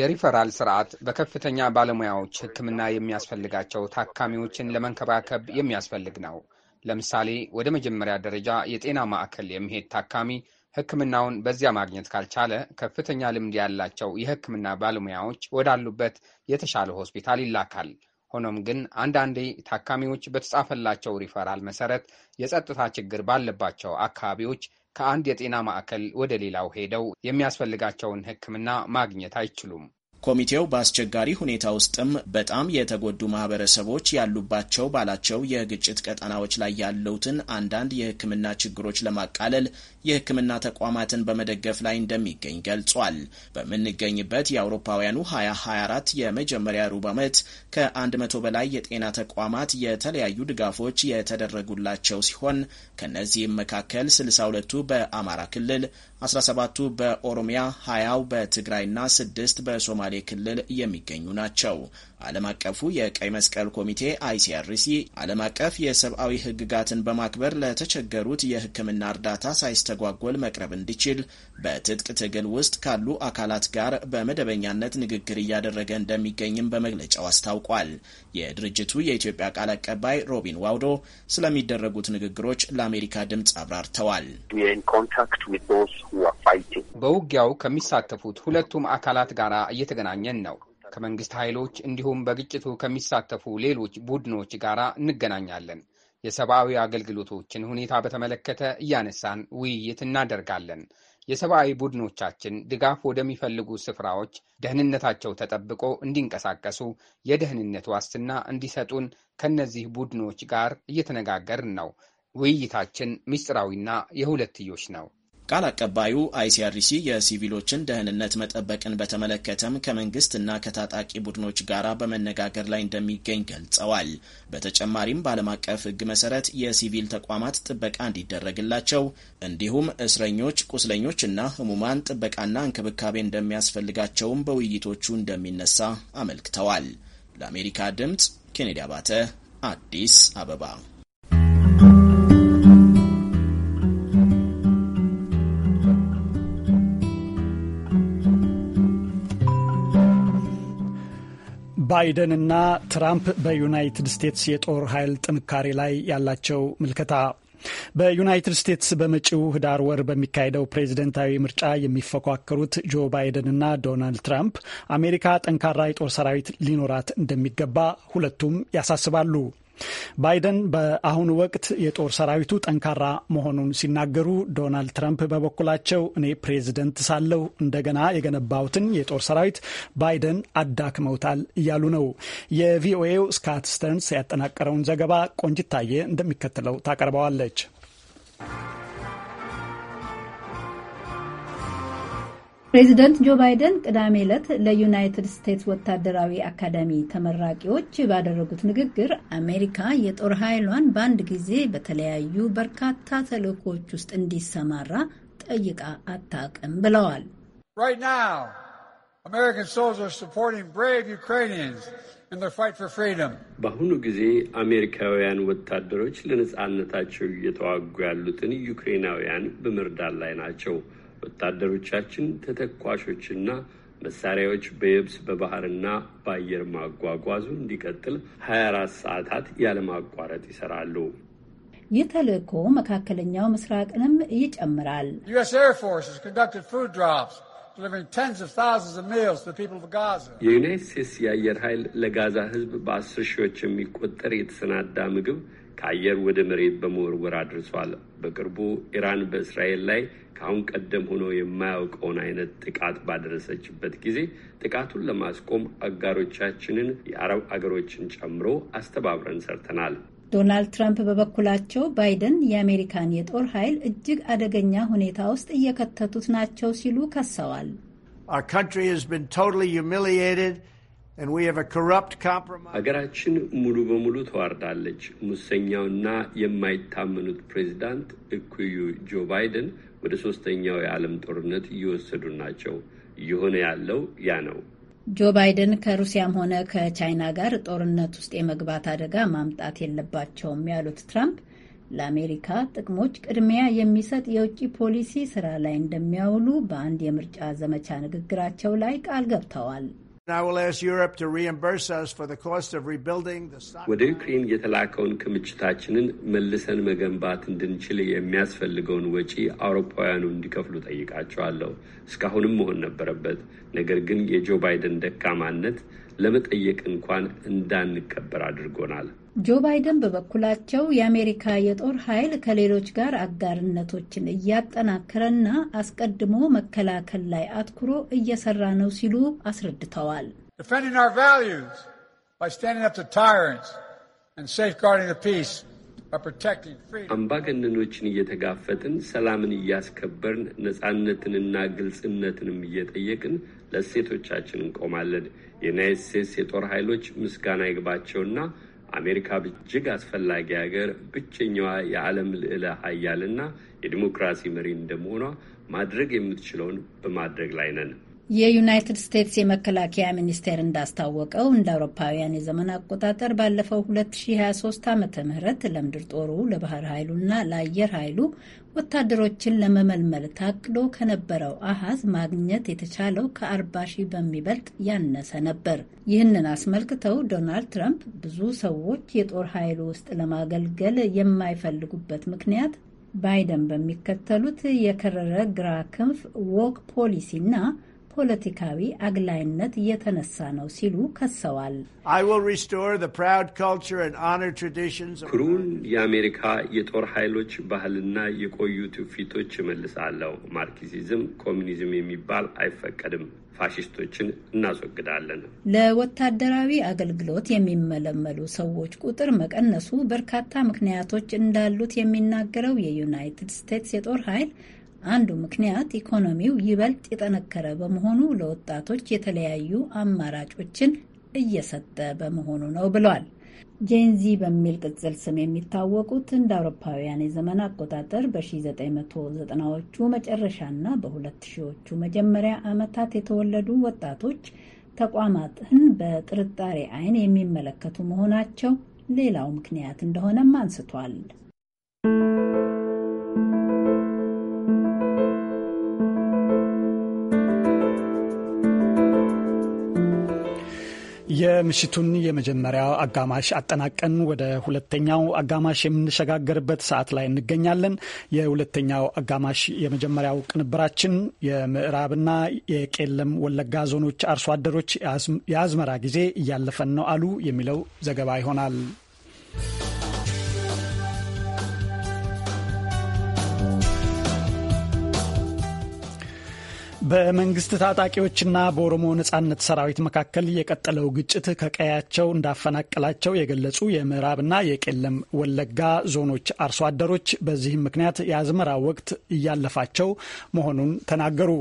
የሪፈራል ስርዓት በከፍተኛ ባለሙያዎች ሕክምና የሚያስፈልጋቸው ታካሚዎችን ለመንከባከብ የሚያስፈልግ ነው። ለምሳሌ ወደ መጀመሪያ ደረጃ የጤና ማዕከል የሚሄድ ታካሚ ሕክምናውን በዚያ ማግኘት ካልቻለ ከፍተኛ ልምድ ያላቸው የሕክምና ባለሙያዎች ወዳሉበት የተሻለ ሆስፒታል ይላካል። ሆኖም ግን አንዳንዴ ታካሚዎች በተጻፈላቸው ሪፈራል መሰረት የጸጥታ ችግር ባለባቸው አካባቢዎች ከአንድ የጤና ማዕከል ወደ ሌላው ሄደው የሚያስፈልጋቸውን ሕክምና ማግኘት አይችሉም። ኮሚቴው በአስቸጋሪ ሁኔታ ውስጥም በጣም የተጎዱ ማህበረሰቦች ያሉባቸው ባላቸው የግጭት ቀጠናዎች ላይ ያለውትን አንዳንድ የሕክምና ችግሮች ለማቃለል የሕክምና ተቋማትን በመደገፍ ላይ እንደሚገኝ ገልጿል። በምንገኝበት የአውሮፓውያኑ 2024 የመጀመሪያ ሩብ ዓመት ከ100 በላይ የጤና ተቋማት የተለያዩ ድጋፎች የተደረጉላቸው ሲሆን ከእነዚህም መካከል 62ቱ በአማራ ክልል 17ቱ በኦሮሚያ 20ው በትግራይና ስድስት በሶማሌ ክልል የሚገኙ ናቸው። ዓለም አቀፉ የቀይ መስቀል ኮሚቴ አይሲአርሲ ዓለም አቀፍ የሰብአዊ ሕግጋትን በማክበር ለተቸገሩት የሕክምና እርዳታ ሳይስተጓጎል መቅረብ እንዲችል በትጥቅ ትግል ውስጥ ካሉ አካላት ጋር በመደበኛነት ንግግር እያደረገ እንደሚገኝም በመግለጫው አስታውቋል። የድርጅቱ የኢትዮጵያ ቃል አቀባይ ሮቢን ዋውዶ ስለሚደረጉት ንግግሮች ለአሜሪካ ድምፅ አብራርተዋል። በውጊያው ከሚሳተፉት ሁለቱም አካላት ጋር እየተገናኘን ነው። ከመንግስት ኃይሎች እንዲሁም በግጭቱ ከሚሳተፉ ሌሎች ቡድኖች ጋር እንገናኛለን። የሰብአዊ አገልግሎቶችን ሁኔታ በተመለከተ እያነሳን ውይይት እናደርጋለን። የሰብአዊ ቡድኖቻችን ድጋፍ ወደሚፈልጉ ስፍራዎች ደህንነታቸው ተጠብቆ እንዲንቀሳቀሱ የደህንነት ዋስትና እንዲሰጡን ከነዚህ ቡድኖች ጋር እየተነጋገርን ነው። ውይይታችን ምስጢራዊና የሁለትዮሽ ነው። ቃል አቀባዩ አይሲአርሲ የሲቪሎችን ደህንነት መጠበቅን በተመለከተም ከመንግስትና ከታጣቂ ቡድኖች ጋር በመነጋገር ላይ እንደሚገኝ ገልጸዋል። በተጨማሪም በዓለም አቀፍ ሕግ መሰረት የሲቪል ተቋማት ጥበቃ እንዲደረግላቸው እንዲሁም እስረኞች፣ ቁስለኞች እና ህሙማን ጥበቃና እንክብካቤ እንደሚያስፈልጋቸውም በውይይቶቹ እንደሚነሳ አመልክተዋል። ለአሜሪካ ድምፅ ኬኔዲ አባተ አዲስ አበባ ባይደንና ትራምፕ በዩናይትድ ስቴትስ የጦር ኃይል ጥንካሬ ላይ ያላቸው ምልከታ በዩናይትድ ስቴትስ በመጪው ህዳር ወር በሚካሄደው ፕሬዝደንታዊ ምርጫ የሚፎካከሩት ጆ ባይደንና ዶናልድ ትራምፕ አሜሪካ ጠንካራ የጦር ሰራዊት ሊኖራት እንደሚገባ ሁለቱም ያሳስባሉ። ባይደን በአሁኑ ወቅት የጦር ሰራዊቱ ጠንካራ መሆኑን ሲናገሩ፣ ዶናልድ ትራምፕ በበኩላቸው እኔ ፕሬዝደንት ሳለሁ እንደገና የገነባሁትን የጦር ሰራዊት ባይደን አዳክመውታል እያሉ ነው። የቪኦኤው ስካት ስተርንስ ያጠናቀረውን ዘገባ ቆንጅታየ እንደሚከተለው ታቀርበዋለች። ፕሬዚደንት ጆ ባይደን ቅዳሜ ዕለት ለዩናይትድ ስቴትስ ወታደራዊ አካዳሚ ተመራቂዎች ባደረጉት ንግግር አሜሪካ የጦር ኃይሏን በአንድ ጊዜ በተለያዩ በርካታ ተልእኮች ውስጥ እንዲሰማራ ጠይቃ አታውቅም ብለዋል። በአሁኑ ጊዜ አሜሪካውያን ወታደሮች ለነፃነታቸው እየተዋጉ ያሉትን ዩክሬናውያን በመርዳት ላይ ናቸው። ወታደሮቻችን ተተኳሾችና መሳሪያዎች በየብስ በባህርና በአየር ማጓጓዙ እንዲቀጥል 24 ሰዓታት ያለማቋረጥ ይሰራሉ። ይህ ተልእኮ መካከለኛው ምስራቅንም ይጨምራል። የዩናይት ስቴትስ የአየር ኃይል ለጋዛ ሕዝብ በአስር ሺዎች የሚቆጠር የተሰናዳ ምግብ ከአየር ወደ መሬት በመወርወር አድርሷል። በቅርቡ ኢራን በእስራኤል ላይ ከአሁን ቀደም ሆኖ የማያውቀውን አይነት ጥቃት ባደረሰችበት ጊዜ ጥቃቱን ለማስቆም አጋሮቻችንን የአረብ አገሮችን ጨምሮ አስተባብረን ሰርተናል። ዶናልድ ትራምፕ በበኩላቸው ባይደን የአሜሪካን የጦር ኃይል እጅግ አደገኛ ሁኔታ ውስጥ እየከተቱት ናቸው ሲሉ ከሰዋል። ሀገራችን ሙሉ በሙሉ ተዋርዳለች። ሙሰኛውና የማይታመኑት ፕሬዚዳንት እኩዩ ጆ ባይደን ወደ ሶስተኛው የዓለም ጦርነት እየወሰዱ ናቸው። እየሆነ ያለው ያ ነው። ጆ ባይደን ከሩሲያም ሆነ ከቻይና ጋር ጦርነት ውስጥ የመግባት አደጋ ማምጣት የለባቸውም ያሉት ትራምፕ ለአሜሪካ ጥቅሞች ቅድሚያ የሚሰጥ የውጭ ፖሊሲ ስራ ላይ እንደሚያውሉ በአንድ የምርጫ ዘመቻ ንግግራቸው ላይ ቃል ገብተዋል። ወደ ዩክሬን የተላከውን ክምችታችንን መልሰን መገንባት እንድንችል የሚያስፈልገውን ወጪ አውሮፓውያኑ እንዲከፍሉ ጠይቃቸዋለሁ። እስካሁንም መሆን ነበረበት። ነገር ግን የጆ ባይደን ደካማነት ለመጠየቅ እንኳን እንዳንቀበር አድርጎናል። ጆ ባይደን በበኩላቸው የአሜሪካ የጦር ኃይል ከሌሎች ጋር አጋርነቶችን እያጠናከረና አስቀድሞ መከላከል ላይ አትኩሮ እየሰራ ነው ሲሉ አስረድተዋል። አምባገነኖችን እየተጋፈጥን ሰላምን እያስከበርን ነጻነትንና ግልጽነትንም እየጠየቅን ለእሴቶቻችን እንቆማለን። የዩናይትድ ስቴትስ የጦር ኃይሎች ምስጋና ይግባቸውና አሜሪካ እጅግ አስፈላጊ ሀገር፣ ብቸኛዋ የዓለም ልዕለ ሀያልና የዲሞክራሲ መሪ እንደመሆኗ ማድረግ የምትችለውን በማድረግ ላይ ነን። የዩናይትድ ስቴትስ የመከላከያ ሚኒስቴር እንዳስታወቀው እንደ አውሮፓውያን የዘመን አቆጣጠር ባለፈው 2023 ዓመተ ምህረት ለምድር ጦሩ ለባህር ኃይሉና ለአየር ኃይሉ ወታደሮችን ለመመልመል ታቅዶ ከነበረው አሃዝ ማግኘት የተቻለው ከ40 ሺህ በሚበልጥ ያነሰ ነበር። ይህንን አስመልክተው ዶናልድ ትራምፕ ብዙ ሰዎች የጦር ኃይሉ ውስጥ ለማገልገል የማይፈልጉበት ምክንያት ባይደን በሚከተሉት የከረረ ግራ ክንፍ ዎክ ፖሊሲና ፖለቲካዊ አግላይነት እየተነሳ ነው ሲሉ ከሰዋል። ክሩን የአሜሪካ የጦር ኃይሎች ባህልና የቆዩ ትውፊቶች እመልሳለሁ። ማርክሲዝም፣ ኮሚኒዝም የሚባል አይፈቀድም። ፋሽስቶችን እናስወግዳለን። ለወታደራዊ አገልግሎት የሚመለመሉ ሰዎች ቁጥር መቀነሱ በርካታ ምክንያቶች እንዳሉት የሚናገረው የዩናይትድ ስቴትስ የጦር ኃይል አንዱ ምክንያት ኢኮኖሚው ይበልጥ የጠነከረ በመሆኑ ለወጣቶች የተለያዩ አማራጮችን እየሰጠ በመሆኑ ነው ብሏል። ጄንዚ በሚል ቅጽል ስም የሚታወቁት እንደ አውሮፓውያን የዘመን አቆጣጠር በ1990ዎቹ መጨረሻና በ2000ዎቹ መጀመሪያ ዓመታት የተወለዱ ወጣቶች ተቋማትን በጥርጣሬ ዓይን የሚመለከቱ መሆናቸው ሌላው ምክንያት እንደሆነም አንስቷል። የምሽቱን የመጀመሪያ አጋማሽ አጠናቀን ወደ ሁለተኛው አጋማሽ የምንሸጋገርበት ሰዓት ላይ እንገኛለን። የሁለተኛው አጋማሽ የመጀመሪያው ቅንብራችን የምዕራብና የቄለም ወለጋ ዞኖች አርሶ አደሮች የአዝመራ ጊዜ እያለፈን ነው አሉ የሚለው ዘገባ ይሆናል። በመንግስት ታጣቂዎችና በኦሮሞ ነጻነት ሰራዊት መካከል የቀጠለው ግጭት ከቀያቸው እንዳፈናቀላቸው የገለጹ የምዕራብና የቄለም ወለጋ ዞኖች አርሶ አደሮች በዚህም ምክንያት የአዝመራ ወቅት እያለፋቸው መሆኑን ተናገሩ።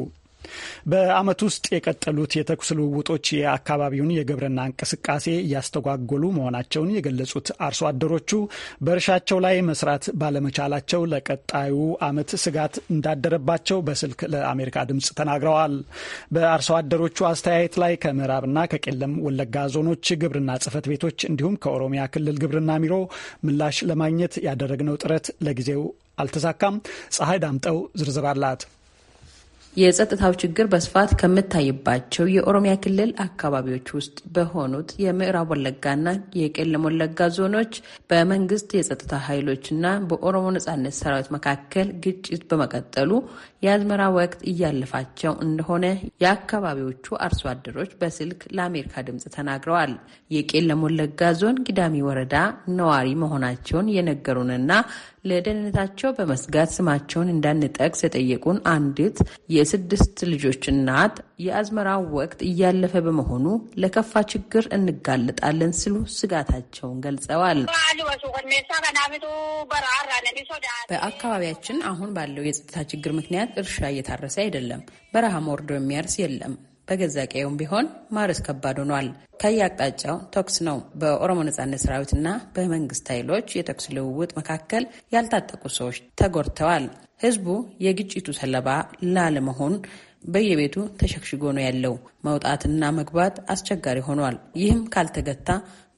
በዓመት ውስጥ የቀጠሉት የተኩስ ልውውጦች የአካባቢውን የግብርና እንቅስቃሴ እያስተጓጎሉ መሆናቸውን የገለጹት አርሶ አደሮቹ በእርሻቸው ላይ መስራት ባለመቻላቸው ለቀጣዩ ዓመት ስጋት እንዳደረባቸው በስልክ ለአሜሪካ ድምፅ ተናግረዋል። በአርሶ አደሮቹ አስተያየት ላይ ከምዕራብና ከቄለም ወለጋ ዞኖች ግብርና ጽህፈት ቤቶች እንዲሁም ከኦሮሚያ ክልል ግብርና ቢሮ ምላሽ ለማግኘት ያደረግነው ጥረት ለጊዜው አልተሳካም። ፀሐይ ዳምጠው ዝርዝር አላት። የጸጥታው ችግር በስፋት ከምታይባቸው የኦሮሚያ ክልል አካባቢዎች ውስጥ በሆኑት የምዕራብ ወለጋና የቄለም ወለጋ ዞኖች በመንግስት የጸጥታ ኃይሎችና በኦሮሞ ነጻነት ሰራዊት መካከል ግጭት በመቀጠሉ የአዝመራ ወቅት እያለፋቸው እንደሆነ የአካባቢዎቹ አርሶ አደሮች በስልክ ለአሜሪካ ድምጽ ተናግረዋል። የቄለም ወለጋ ዞን ጊዳሚ ወረዳ ነዋሪ መሆናቸውን የነገሩንና ለደህንነታቸው በመስጋት ስማቸውን እንዳንጠቅስ የጠየቁን አንዲት የስድስት ልጆች እናት የአዝመራ ወቅት እያለፈ በመሆኑ ለከፋ ችግር እንጋለጣለን ሲሉ ስጋታቸውን ገልጸዋል። በአካባቢያችን አሁን ባለው የጸጥታ ችግር ምክንያት እርሻ እየታረሰ አይደለም። በረሃ ወርዶ የሚያርስ የለም። በገዛ ቀየውም ቢሆን ማረስ ከባድ ሆኗል። ከየአቅጣጫው ተኩስ ነው። በኦሮሞ ነጻነት ሰራዊትና በመንግስት ኃይሎች የተኩስ ልውውጥ መካከል ያልታጠቁ ሰዎች ተጎድተዋል። ህዝቡ የግጭቱ ሰለባ ላለመሆን በየቤቱ ተሸክሽጎ ነው ያለው። መውጣትና መግባት አስቸጋሪ ሆኗል። ይህም ካልተገታ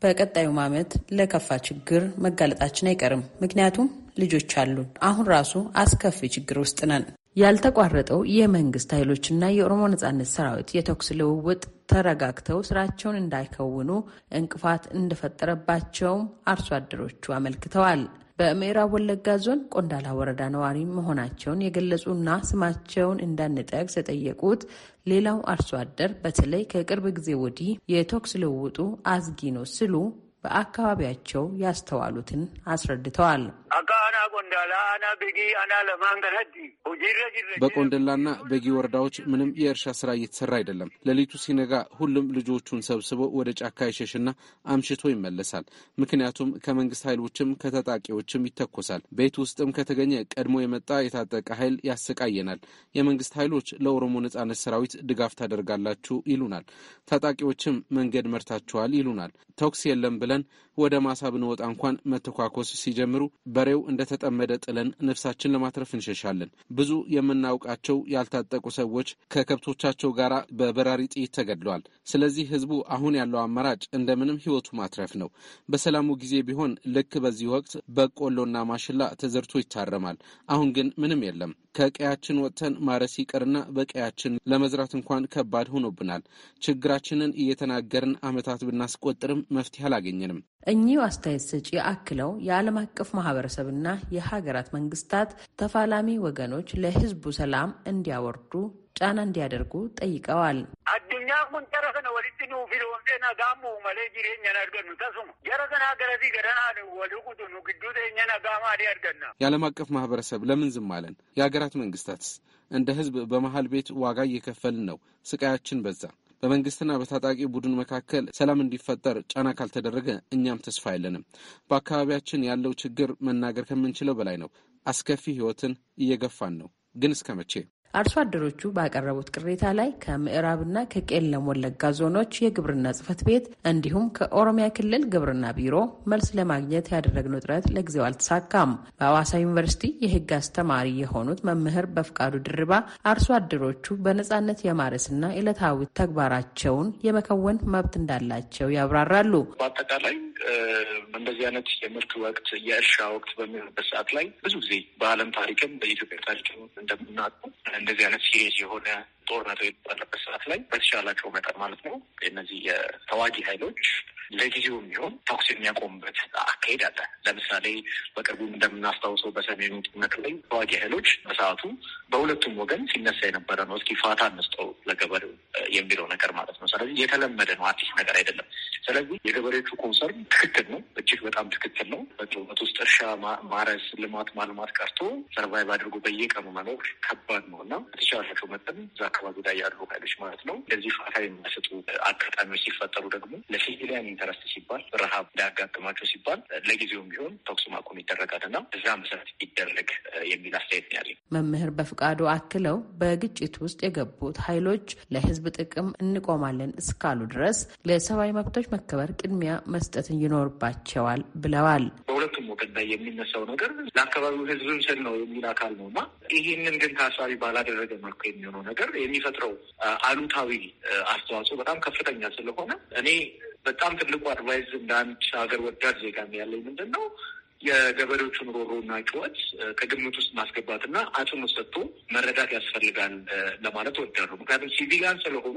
በቀጣዩ ዓመት ለከፋ ችግር መጋለጣችን አይቀርም። ምክንያቱም ልጆች አሉን። አሁን ራሱ አስከፊ ችግር ውስጥ ነን። ያልተቋረጠው የመንግስት ኃይሎችና የኦሮሞ ነጻነት ሰራዊት የተኩስ ልውውጥ ተረጋግተው ስራቸውን እንዳይከውኑ እንቅፋት እንደፈጠረባቸውም አርሶ አደሮቹ አመልክተዋል። በምዕራብ ወለጋ ዞን ቆንዳላ ወረዳ ነዋሪ መሆናቸውን የገለጹና ስማቸውን እንዳንጠቅስ የጠየቁት ሌላው አርሶ አደር በተለይ ከቅርብ ጊዜ ወዲህ የተኩስ ልውውጡ አዝጊ ነው ሲሉ በአካባቢያቸው ያስተዋሉትን አስረድተዋል። በቆንደላና በጊ ወረዳዎች ምንም የእርሻ ስራ እየተሰራ አይደለም። ሌሊቱ ሲነጋ ሁሉም ልጆቹን ሰብስቦ ወደ ጫካ ይሸሽና አምሽቶ ይመለሳል። ምክንያቱም ከመንግስት ኃይሎችም ከታጣቂዎችም ይተኮሳል። ቤት ውስጥም ከተገኘ ቀድሞ የመጣ የታጠቀ ኃይል ያሰቃየናል። የመንግስት ኃይሎች ለኦሮሞ ነጻነት ሰራዊት ድጋፍ ታደርጋላችሁ ይሉናል። ታጣቂዎችም መንገድ መርታችኋል ይሉናል። ተኩስ የለም ብለን ወደ ማሳ ብንወጣ እንኳን መተኳኮስ ሲጀምሩ በሬው እንደተጠመ በገመደ ጥለን ነፍሳችን ለማትረፍ እንሸሻለን። ብዙ የምናውቃቸው ያልታጠቁ ሰዎች ከከብቶቻቸው ጋር በበራሪ ጥይት ተገድለዋል። ስለዚህ ህዝቡ አሁን ያለው አማራጭ እንደምንም ህይወቱ ማትረፍ ነው። በሰላሙ ጊዜ ቢሆን ልክ በዚህ ወቅት በቆሎና ማሽላ ተዘርቶ ይታረማል። አሁን ግን ምንም የለም። ከቀያችን ወጥተን ማረስ ይቅርና በቀያችን ለመዝራት እንኳን ከባድ ሆኖብናል። ችግራችንን እየተናገርን ዓመታት ብናስቆጥርም መፍትሄ አላገኘንም። እኚሁ አስተያየት ሰጪ አክለው የዓለም አቀፍ ማህበረሰብና የሀገራት መንግስታት ተፋላሚ ወገኖች ለህዝቡ ሰላም እንዲያወርዱ ጫና እንዲያደርጉ ጠይቀዋል። የዓለም አቀፍ ማህበረሰብ ለምን ዝም አለን? የሀገራት መንግስታትስ? እንደ ህዝብ በመሀል ቤት ዋጋ እየከፈልን ነው። ስቃያችን በዛ። በመንግስትና በታጣቂ ቡድን መካከል ሰላም እንዲፈጠር ጫና ካልተደረገ እኛም ተስፋ የለንም። በአካባቢያችን ያለው ችግር መናገር ከምንችለው በላይ ነው። አስከፊ ህይወትን እየገፋን ነው። ግን እስከ መቼ? አርሶ አደሮቹ ባቀረቡት ቅሬታ ላይ ከምዕራብና ከቄለም ወለጋ ዞኖች የግብርና ጽፈት ቤት እንዲሁም ከኦሮሚያ ክልል ግብርና ቢሮ መልስ ለማግኘት ያደረግነው ጥረት ለጊዜው አልተሳካም። በአዋሳ ዩኒቨርሲቲ የሕግ አስተማሪ የሆኑት መምህር በፍቃዱ ድርባ አርሶ አደሮቹ በነጻነት የማረስና ዕለታዊ ተግባራቸውን የመከወን መብት እንዳላቸው ያብራራሉ። በአጠቃላይ እንደዚህ አይነት የምርት ወቅት የእርሻ ወቅት በሚሆንበት ሰዓት ላይ ብዙ ጊዜ በዓለም ታሪክም በኢትዮጵያ ታሪክም እንደምናውቀው እንደዚህ አይነት ሲሪየስ የሆነ ጦርነቱ የተጠለበት ሰዓት ላይ በተቻላቸው መጠን ማለት ነው እነዚህ የተዋጊ ኃይሎች ለጊዜው የሚሆን ተኩስ የሚያቆሙበት አካሄድ አለ። ለምሳሌ በቅርቡ እንደምናስታውሰው በሰሜኑ ጦርነት ላይ ተዋጊ ኃይሎች በሰዓቱ በሁለቱም ወገን ሲነሳ የነበረ ነው። እስኪ ፋታ እንስጠው ለገበሬው የሚለው ነገር ማለት ነው። ስለዚህ የተለመደ ነው፣ አዲስ ነገር አይደለም። ስለዚህ የገበሬዎቹ ኮንሰርን ትክክል ነው፣ እጅግ በጣም ትክክል ነው። በጦርነት ውስጥ እርሻ ማረስ፣ ልማት ማልማት ቀርቶ ሰርቫይቭ አድርጎ በየቀኑ መኖር ከባድ ነው እና በተቻላቸው መጠን አካባቢ ላይ ያሉ ኃይሎች ማለት ነው ለዚህ ፋታ የሚያሰጡ አጋጣሚዎች ሲፈጠሩ ደግሞ ለሲቪሊያን ኢንተረስት ሲባል ረሃብ እንዳያጋጥማቸው ሲባል ለጊዜውም ቢሆን ተኩስ ማቆም ይደረጋል እና እዛ መሰረት ይደረግ የሚል አስተያየት ነው ያለኝ። መምህር በፍቃዱ አክለው በግጭት ውስጥ የገቡት ኃይሎች ለህዝብ ጥቅም እንቆማለን እስካሉ ድረስ ለሰብአዊ መብቶች መከበር ቅድሚያ መስጠትን ይኖርባቸዋል ብለዋል። በሁለቱም ወገን ላይ የሚነሳው ነገር ለአካባቢው ህዝብም ስል ነው የሚል አካል ነው እና ይህንን ግን ታሳቢ ባላደረገ መልኩ የሚሆነው ነገር የሚፈጥረው አሉታዊ አስተዋጽኦ በጣም ከፍተኛ ስለሆነ እኔ በጣም ትልቁ አድቫይዝ እንደ አንድ ሀገር ወዳድ ዜጋ ያለኝ ምንድን ነው የገበሬዎቹን ሮሮ እና ጩኸት ከግምት ውስጥ ማስገባት ማስገባትና አጽኖ ሰጥቶ መረዳት ያስፈልጋል ለማለት ወዳሉ። ምክንያቱም ሲቪሊያን ስለሆኑ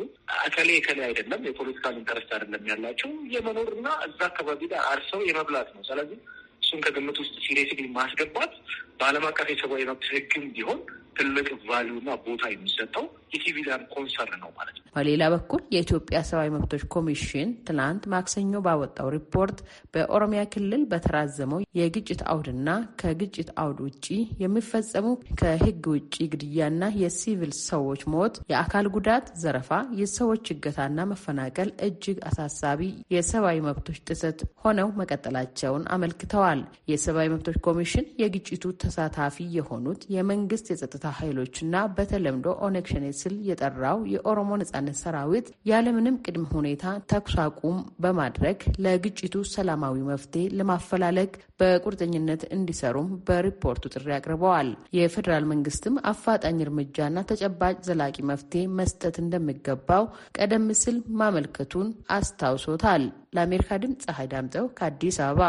እከሌ እከሌ አይደለም፣ የፖለቲካል ኢንተረስት አይደለም ያላቸው የመኖር የመኖርና እዛ አካባቢ ጋር አርሰው የመብላት ነው። ስለዚህ እሱን ከግምት ውስጥ ሲሪየስሊ ማስገባት በዓለም አቀፍ የሰብአዊ መብት ሕግም ቢሆን ትልቅ ቫሊዩና ቦታ የሚሰጠው የሲቪሊያን ኮንሰርን ነው ማለት ነው። በሌላ በኩል የኢትዮጵያ ሰብአዊ መብቶች ኮሚሽን ትናንት ማክሰኞ ባወጣው ሪፖርት በኦሮሚያ ክልል በተራዘመው የግጭት አውድና ከግጭት አውድ ውጪ የሚፈጸሙ ከህግ ውጪ ግድያና የሲቪል ሰዎች ሞት፣ የአካል ጉዳት፣ ዘረፋ፣ የሰዎች እገታና መፈናቀል እጅግ አሳሳቢ የሰብአዊ መብቶች ጥሰት ሆነው መቀጠላቸውን አመልክተዋል። የሰብአዊ መብቶች ኮሚሽን የግጭቱ ተሳታፊ የሆኑት የመንግስት የጸጥታ የጸጥታ ኃይሎችና በተለምዶ ኦነግ ሸኔ ስል የጠራው የኦሮሞ ነጻነት ሰራዊት ያለምንም ቅድመ ሁኔታ ተኩስ አቁም በማድረግ ለግጭቱ ሰላማዊ መፍትሄ ለማፈላለግ በቁርጠኝነት እንዲሰሩም በሪፖርቱ ጥሪ አቅርበዋል። የፌዴራል መንግስትም አፋጣኝ እርምጃና ተጨባጭ ዘላቂ መፍትሄ መስጠት እንደሚገባው ቀደም ሲል ማመልከቱን አስታውሶታል። ለአሜሪካ ድምፅ ፀሐይ ዳምጠው ከአዲስ አበባ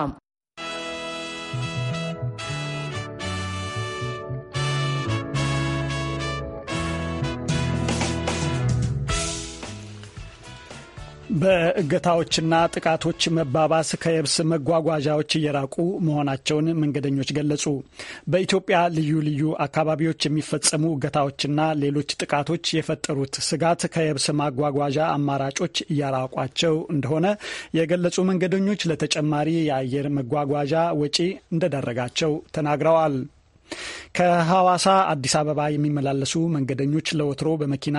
በእገታዎችና ጥቃቶች መባባስ ከየብስ መጓጓዣዎች እየራቁ መሆናቸውን መንገደኞች ገለጹ። በኢትዮጵያ ልዩ ልዩ አካባቢዎች የሚፈጸሙ እገታዎችና ሌሎች ጥቃቶች የፈጠሩት ስጋት ከየብስ ማጓጓዣ አማራጮች እያራቋቸው እንደሆነ የገለጹ መንገደኞች ለተጨማሪ የአየር መጓጓዣ ወጪ እንደደረጋቸው ተናግረዋል። ከሐዋሳ አዲስ አበባ የሚመላለሱ መንገደኞች ለወትሮ በመኪና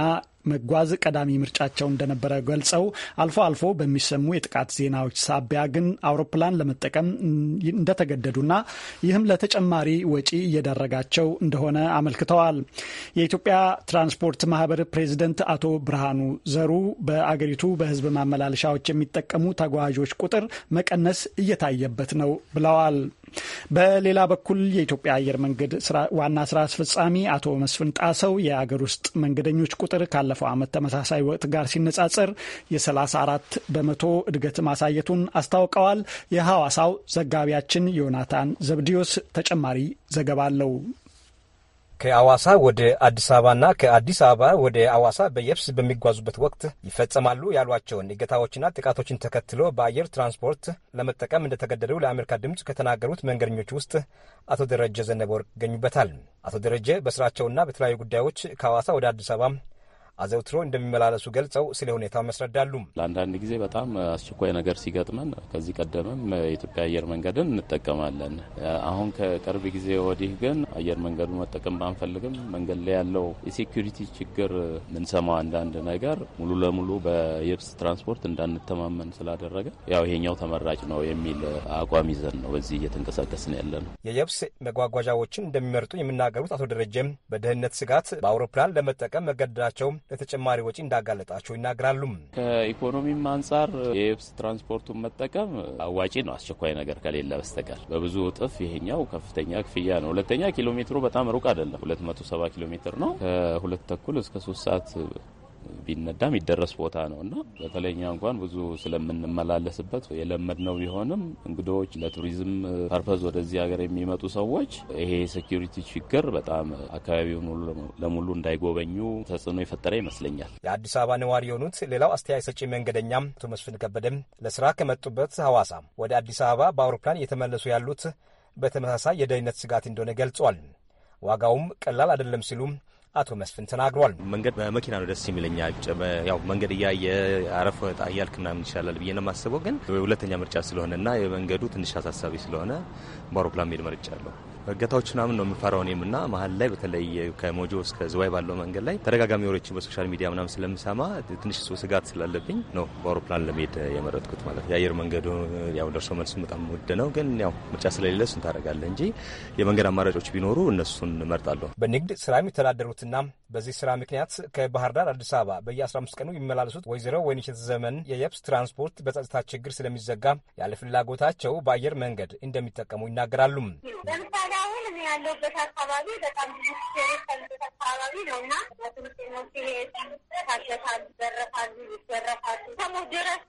መጓዝ ቀዳሚ ምርጫቸው እንደነበረ ገልጸው አልፎ አልፎ በሚሰሙ የጥቃት ዜናዎች ሳቢያ ግን አውሮፕላን ለመጠቀም እንደተገደዱና ይህም ለተጨማሪ ወጪ እየዳረጋቸው እንደሆነ አመልክተዋል። የኢትዮጵያ ትራንስፖርት ማህበር ፕሬዚደንት አቶ ብርሃኑ ዘሩ በአገሪቱ በህዝብ ማመላለሻዎች የሚጠቀሙ ተጓዦች ቁጥር መቀነስ እየታየበት ነው ብለዋል። በሌላ በኩል የኢትዮጵያ አየር መንገድ ዋና ስራ አስፈጻሚ አቶ መስፍን ጣሰው የአገር ውስጥ መንገደኞች ቁጥር ካለፈው ዓመት ተመሳሳይ ወቅት ጋር ሲነጻጸር የ34 በመቶ እድገት ማሳየቱን አስታውቀዋል። የሐዋሳው ዘጋቢያችን ዮናታን ዘብዲዮስ ተጨማሪ ዘገባ አለው። ከአዋሳ ወደ አዲስ አበባና ከአዲስ አበባ ወደ አዋሳ በየብስ በሚጓዙበት ወቅት ይፈጸማሉ ያሏቸውን እገታዎችና ጥቃቶችን ተከትሎ በአየር ትራንስፖርት ለመጠቀም እንደተገደዱ ለአሜሪካ ድምፅ ከተናገሩት መንገደኞች ውስጥ አቶ ደረጀ ዘነበወርቅ ይገኙበታል። አቶ ደረጀ በስራቸውና በተለያዩ ጉዳዮች ከአዋሳ ወደ አዲስ አበባ አዘውትሮ እንደሚመላለሱ ገልጸው ስለ ሁኔታው መስረዳሉ። ለአንዳንድ ጊዜ በጣም አስቸኳይ ነገር ሲገጥመን ከዚህ ቀደምም የኢትዮጵያ አየር መንገድን እንጠቀማለን። አሁን ከቅርብ ጊዜ ወዲህ ግን አየር መንገዱ መጠቀም ባንፈልግም መንገድ ላይ ያለው የሴኩሪቲ ችግር ምንሰማው አንዳንድ ነገር ሙሉ ለሙሉ በየብስ ትራንስፖርት እንዳንተማመን ስላደረገ ያው ይሄኛው ተመራጭ ነው የሚል አቋም ይዘን ነው በዚህ እየተንቀሳቀስን ያለ ነው። የየብስ መጓጓዣዎችን እንደሚመርጡ የሚናገሩት አቶ ደረጀም በደህንነት ስጋት በአውሮፕላን ለመጠቀም መገደዳቸው ለተጨማሪ ወጪ እንዳጋለጣቸው ይናገራሉ። ከኢኮኖሚም አንጻር የየብስ ትራንስፖርቱን መጠቀም አዋጪ ነው፣ አስቸኳይ ነገር ከሌለ በስተቀር በብዙ እጥፍ ይሄኛው ከፍተኛ ክፍያ ነው። ሁለተኛ ኪሎ ሜትሩ በጣም ሩቅ አይደለም፣ 270 ኪሎ ሜትር ነው። ከሁለት ተኩል እስከ ሶስት ሰዓት ቢነዳም ይደረስ ቦታ ነው እና በተለይ እኛ እንኳን ብዙ ስለምንመላለስበት ነው ቢሆንም እንግዶች ለቱሪዝም ፐርፐዝ ወደዚህ ሀገር የሚመጡ ሰዎች ይሄ የሴኪሪቲ ችግር በጣም አካባቢውን ሙሉ ለሙሉ እንዳይጎበኙ ተጽዕኖ የፈጠረ ይመስለኛል። የአዲስ አበባ ነዋሪ የሆኑት ሌላው አስተያየት ሰጪ መንገደኛም አቶ መስፍን ከበደም ለስራ ከመጡበት ሐዋሳ ወደ አዲስ አበባ በአውሮፕላን እየተመለሱ ያሉት በተመሳሳይ የደህንነት ስጋት እንደሆነ ገልጿል። ዋጋውም ቀላል አይደለም ሲሉም አቶ መስፍን ተናግሯል። መንገድ በመኪና ነው ደስ የሚለኛ። ያው መንገድ እያየ አረፍ ወጣ እያልክ ምናምን ይሻላል ብዬ ነው የማስበው። ግን ሁለተኛ ምርጫ ስለሆነና የመንገዱ ትንሽ አሳሳቢ ስለሆነ በአውሮፕላን ሄድ መርጫ አለሁ። እገታዎች ምናምን ነው የምፈራው እኔም እና መሀል ላይ በተለይ ከሞጆ እስከ ዝዋይ ባለው መንገድ ላይ ተደጋጋሚ ወሬዎችን በሶሻል ሚዲያ ምናምን ስለምሰማ ትንሽ ስጋት ስላለብኝ ነው በአውሮፕላን ለመሄድ የመረጥኩት ማለት የአየር መንገዱ ያው ደርሶ መልሱ በጣም ውድ ነው፣ ግን ያው ምርጫ ስለሌለ እሱን ታደርጋለህ እንጂ የመንገድ አማራጮች ቢኖሩ እነሱን እመርጣለሁ። በንግድ ስራ የሚተዳደሩትና በዚህ ስራ ምክንያት ከባህር ዳር አዲስ አበባ በየ15 ቀኑ የሚመላለሱት ወይዘሮ ወይንሸት ዘመን የየብስ ትራንስፖርት በጸጥታ ችግር ስለሚዘጋ ያለ ፍላጎታቸው በአየር መንገድ እንደሚጠቀሙ ይናገራሉ። አሁን እኔ ያለሁበት አካባቢ በጣም ብዙ ሴሮች ያሉበት አካባቢ ነው እና ታገታሉ፣ ይዘረፋሉ፣ ይዘረፋሉ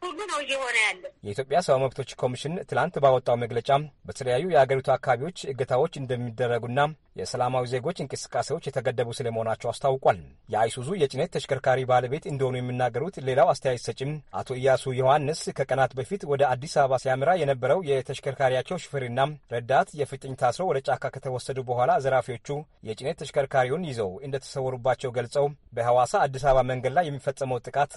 ሁሉ ነው እየሆነ ያለው። የኢትዮጵያ ሰብአዊ መብቶች ኮሚሽን ትላንት ባወጣው መግለጫ በተለያዩ የአገሪቱ አካባቢዎች እገታዎች እንደሚደረጉና የሰላማዊ ዜጎች እንቅስቃሴዎች የተገደቡ ስለመሆናቸው አስታውቋል። የአይሱዙ የጭነት ተሽከርካሪ ባለቤት እንደሆኑ የሚናገሩት ሌላው አስተያየት ሰጭም አቶ ኢያሱ ዮሐንስ ከቀናት በፊት ወደ አዲስ አበባ ሲያምራ የነበረው የተሽከርካሪያቸው ሹፌርና ረዳት የፍጥኝ ታስረው ወደ ጫካ ከተወሰዱ በኋላ ዘራፊዎቹ የጭነት ተሽከርካሪውን ይዘው እንደተሰወሩባቸው ገልጸው በሐዋሳ አዲስ አበባ መንገድ ላይ የሚፈጸመው ጥቃት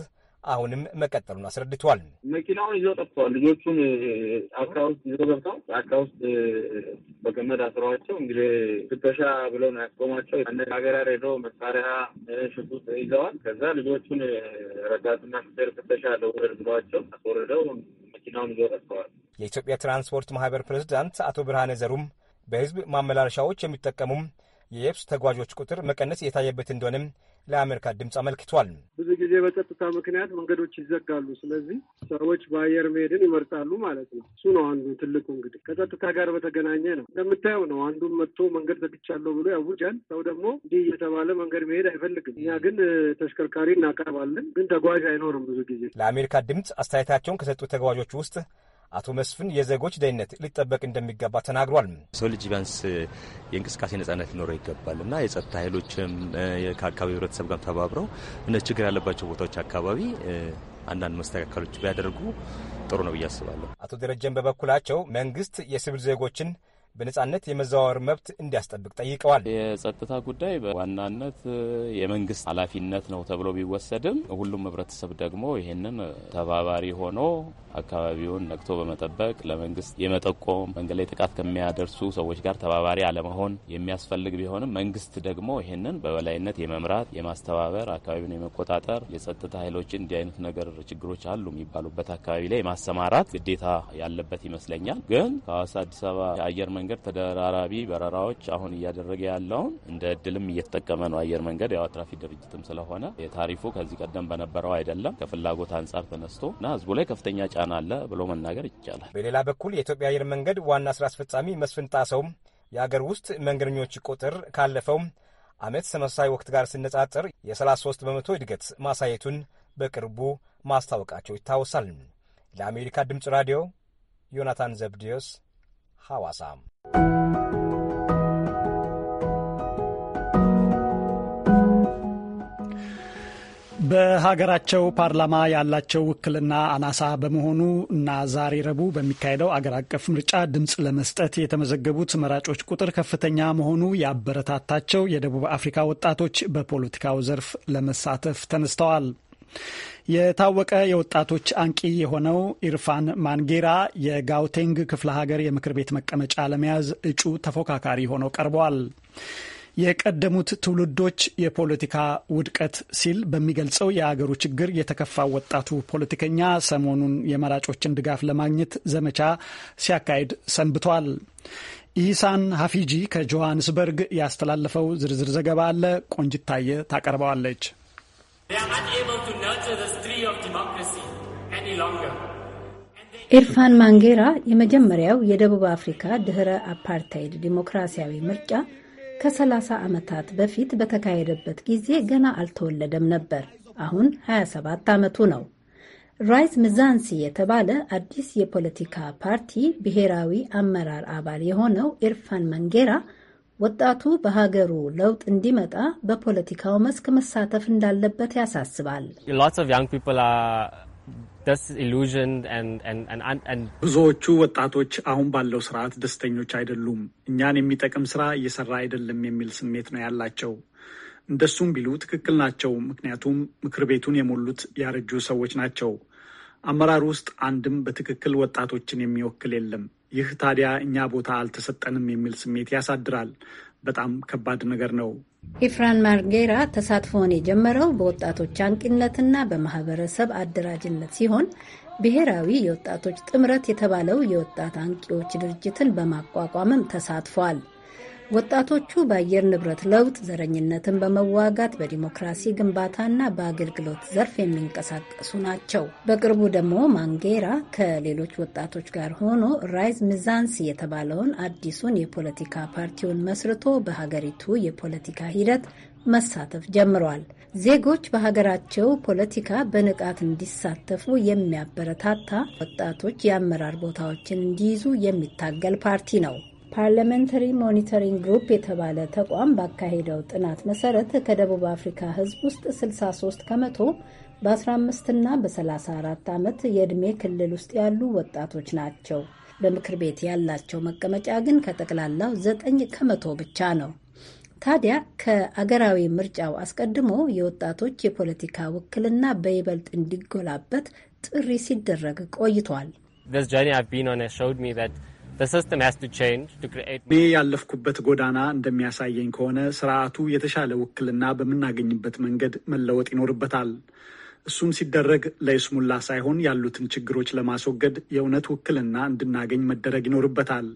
አሁንም መቀጠሉን አስረድቷል። መኪናውን ይዘው ጠፍተዋል። ልጆቹን አካ ውስጥ ይዘው ገብተው አካ ውስጥ በገመድ አስረዋቸው እንግዲህ ፍተሻ ብለው ነው ያስቆሟቸው። ሀገራ ሬዶ፣ መሳሪያ፣ ሽጉጥ ይዘዋል። ከዛ ልጆቹን ረዳትና ሹፌር ፍተሻ ለውረድ ብለዋቸው አስወርደው መኪናውን ይዘው ጠፍተዋል። የኢትዮጵያ ትራንስፖርት ማህበር ፕሬዚዳንት አቶ ብርሃነ ዘሩም በህዝብ ማመላለሻዎች የሚጠቀሙም የየብስ ተጓዦች ቁጥር መቀነስ የታየበት እንደሆነም ለአሜሪካ ድምፅ አመልክቷል። ብዙ ጊዜ በጸጥታ ምክንያት መንገዶች ይዘጋሉ። ስለዚህ ሰዎች በአየር መሄድን ይመርጣሉ ማለት ነው። እሱ ነው አንዱ ትልቁ እንግዲህ ከጸጥታ ጋር በተገናኘ ነው። እንደምታየው ነው። አንዱ መጥቶ መንገድ ዘግቻለሁ ብሎ ያውጃል። ሰው ደግሞ እንዲህ እየተባለ መንገድ መሄድ አይፈልግም። እኛ ግን ተሽከርካሪ እናቀርባለን፣ ግን ተጓዥ አይኖርም ብዙ ጊዜ። ለአሜሪካ ድምፅ አስተያየታቸውን ከሰጡ ተጓዦች ውስጥ አቶ መስፍን የዜጎች ደህንነት ሊጠበቅ እንደሚገባ ተናግሯል። ሰው ልጅ ቢያንስ የእንቅስቃሴ ነጻነት ሊኖረው ይገባል እና የጸጥታ ኃይሎችም ከአካባቢ ህብረተሰብ ጋር ተባብረው እነ ችግር ያለባቸው ቦታዎች አካባቢ አንዳንድ መስተካከሎች ቢያደርጉ ጥሩ ነው ብዬ አስባለሁ። አቶ ደረጀን በበኩላቸው መንግስት የሲቪል ዜጎችን በነጻነት የመዘዋወር መብት እንዲያስጠብቅ ጠይቀዋል። የጸጥታ ጉዳይ በዋናነት የመንግስት ኃላፊነት ነው ተብሎ ቢወሰድም ሁሉም ህብረተሰብ ደግሞ ይህንን ተባባሪ ሆኖ አካባቢውን ነቅቶ በመጠበቅ ለመንግስት የመጠቆም መንገድ ላይ ጥቃት ከሚያደርሱ ሰዎች ጋር ተባባሪ አለመሆን የሚያስፈልግ ቢሆንም መንግስት ደግሞ ይህንን በበላይነት የመምራት የማስተባበር፣ አካባቢውን የመቆጣጠር የጸጥታ ኃይሎችን እንዲህ አይነት ነገር ችግሮች አሉ የሚባሉበት አካባቢ ላይ የማሰማራት ግዴታ ያለበት ይመስለኛል። ግን ከሀዋሳ አዲስ አበባ የአየር መንገድ ተደራራቢ በረራዎች አሁን እያደረገ ያለውን እንደ እድልም እየተጠቀመ ነው። አየር መንገድ ያው አትራፊ ድርጅትም ስለሆነ የታሪፉ ከዚህ ቀደም በነበረው አይደለም። ከፍላጎት አንጻር ተነስቶ እና ህዝቡ ላይ ከፍተኛ ጫና አለ ብሎ መናገር ይቻላል። በሌላ በኩል የኢትዮጵያ አየር መንገድ ዋና ስራ አስፈጻሚ መስፍን ጣሰውም የአገር ውስጥ መንገደኞች ቁጥር ካለፈው አመት ተመሳሳይ ወቅት ጋር ሲነጻጸር የ33 በመቶ እድገት ማሳየቱን በቅርቡ ማስታወቃቸው ይታወሳል። ለአሜሪካ ድምፅ ራዲዮ ዮናታን ዘብዲዮስ ሐዋሳም በሀገራቸው ፓርላማ ያላቸው ውክልና አናሳ በመሆኑ እና ዛሬ ረቡዕ በሚካሄደው አገር አቀፍ ምርጫ ድምፅ ለመስጠት የተመዘገቡት መራጮች ቁጥር ከፍተኛ መሆኑ ያበረታታቸው የደቡብ አፍሪካ ወጣቶች በፖለቲካው ዘርፍ ለመሳተፍ ተነስተዋል። የታወቀ የወጣቶች አንቂ የሆነው ኢርፋን ማንጌራ የጋውቴንግ ክፍለ ሀገር የምክር ቤት መቀመጫ ለመያዝ እጩ ተፎካካሪ ሆነው ቀርበዋል። የቀደሙት ትውልዶች የፖለቲካ ውድቀት ሲል በሚገልጸው የአገሩ ችግር የተከፋ ወጣቱ ፖለቲከኛ ሰሞኑን የመራጮችን ድጋፍ ለማግኘት ዘመቻ ሲያካሂድ ሰንብቷል። ኢሳን ሀፊጂ ከጆሃንስበርግ ያስተላለፈው ዝርዝር ዘገባ አለ። ቆንጅታየ ታቀርበዋለች። ኤርፋን ማንጌራ የመጀመሪያው የደቡብ አፍሪካ ድህረ አፓርታይድ ዲሞክራሲያዊ ምርጫ ከ30 ዓመታት በፊት በተካሄደበት ጊዜ ገና አልተወለደም ነበር። አሁን 27 ዓመቱ ነው። ራይዝ ምዛንሲ የተባለ አዲስ የፖለቲካ ፓርቲ ብሔራዊ አመራር አባል የሆነው ኢርፋን መንጌራ ወጣቱ በሀገሩ ለውጥ እንዲመጣ በፖለቲካው መስክ መሳተፍ እንዳለበት ያሳስባል። ብዙዎቹ ወጣቶች አሁን ባለው ስርዓት ደስተኞች አይደሉም። እኛን የሚጠቅም ስራ እየሰራ አይደለም የሚል ስሜት ነው ያላቸው። እንደሱም ቢሉ ትክክል ናቸው። ምክንያቱም ምክር ቤቱን የሞሉት ያረጁ ሰዎች ናቸው። አመራር ውስጥ አንድም በትክክል ወጣቶችን የሚወክል የለም። ይህ ታዲያ እኛ ቦታ አልተሰጠንም የሚል ስሜት ያሳድራል። በጣም ከባድ ነገር ነው። ኢፍራን ማርጌራ ተሳትፎውን የጀመረው በወጣቶች አንቂነትና በማህበረሰብ አደራጅነት ሲሆን ብሔራዊ የወጣቶች ጥምረት የተባለው የወጣት አንቂዎች ድርጅትን በማቋቋምም ተሳትፏል። ወጣቶቹ በአየር ንብረት ለውጥ፣ ዘረኝነትን በመዋጋት በዲሞክራሲ ግንባታና በአገልግሎት ዘርፍ የሚንቀሳቀሱ ናቸው። በቅርቡ ደግሞ ማንጌራ ከሌሎች ወጣቶች ጋር ሆኖ ራይዝ ሚዛንስ የተባለውን አዲሱን የፖለቲካ ፓርቲውን መስርቶ በሀገሪቱ የፖለቲካ ሂደት መሳተፍ ጀምሯል። ዜጎች በሀገራቸው ፖለቲካ በንቃት እንዲሳተፉ የሚያበረታታ ወጣቶች የአመራር ቦታዎችን እንዲይዙ የሚታገል ፓርቲ ነው። ፓርላሜንተሪ ሞኒተሪንግ ግሩፕ የተባለ ተቋም ባካሄደው ጥናት መሰረት ከደቡብ አፍሪካ ሕዝብ ውስጥ 63 ከመቶ በ15ና በ34 ዓመት የዕድሜ ክልል ውስጥ ያሉ ወጣቶች ናቸው። በምክር ቤት ያላቸው መቀመጫ ግን ከጠቅላላው 9 ከመቶ ብቻ ነው። ታዲያ ከአገራዊ ምርጫው አስቀድሞ የወጣቶች የፖለቲካ ውክልና በይበልጥ እንዲጎላበት ጥሪ ሲደረግ ቆይቷል። እኔ ያለፍኩበት ጎዳና እንደሚያሳየኝ ከሆነ ስርዓቱ የተሻለ ውክልና በምናገኝበት መንገድ መለወጥ ይኖርበታል። እሱም ሲደረግ ለይስሙላ ሳይሆን ያሉትን ችግሮች ለማስወገድ የእውነት ውክልና እንድናገኝ መደረግ ይኖርበታል።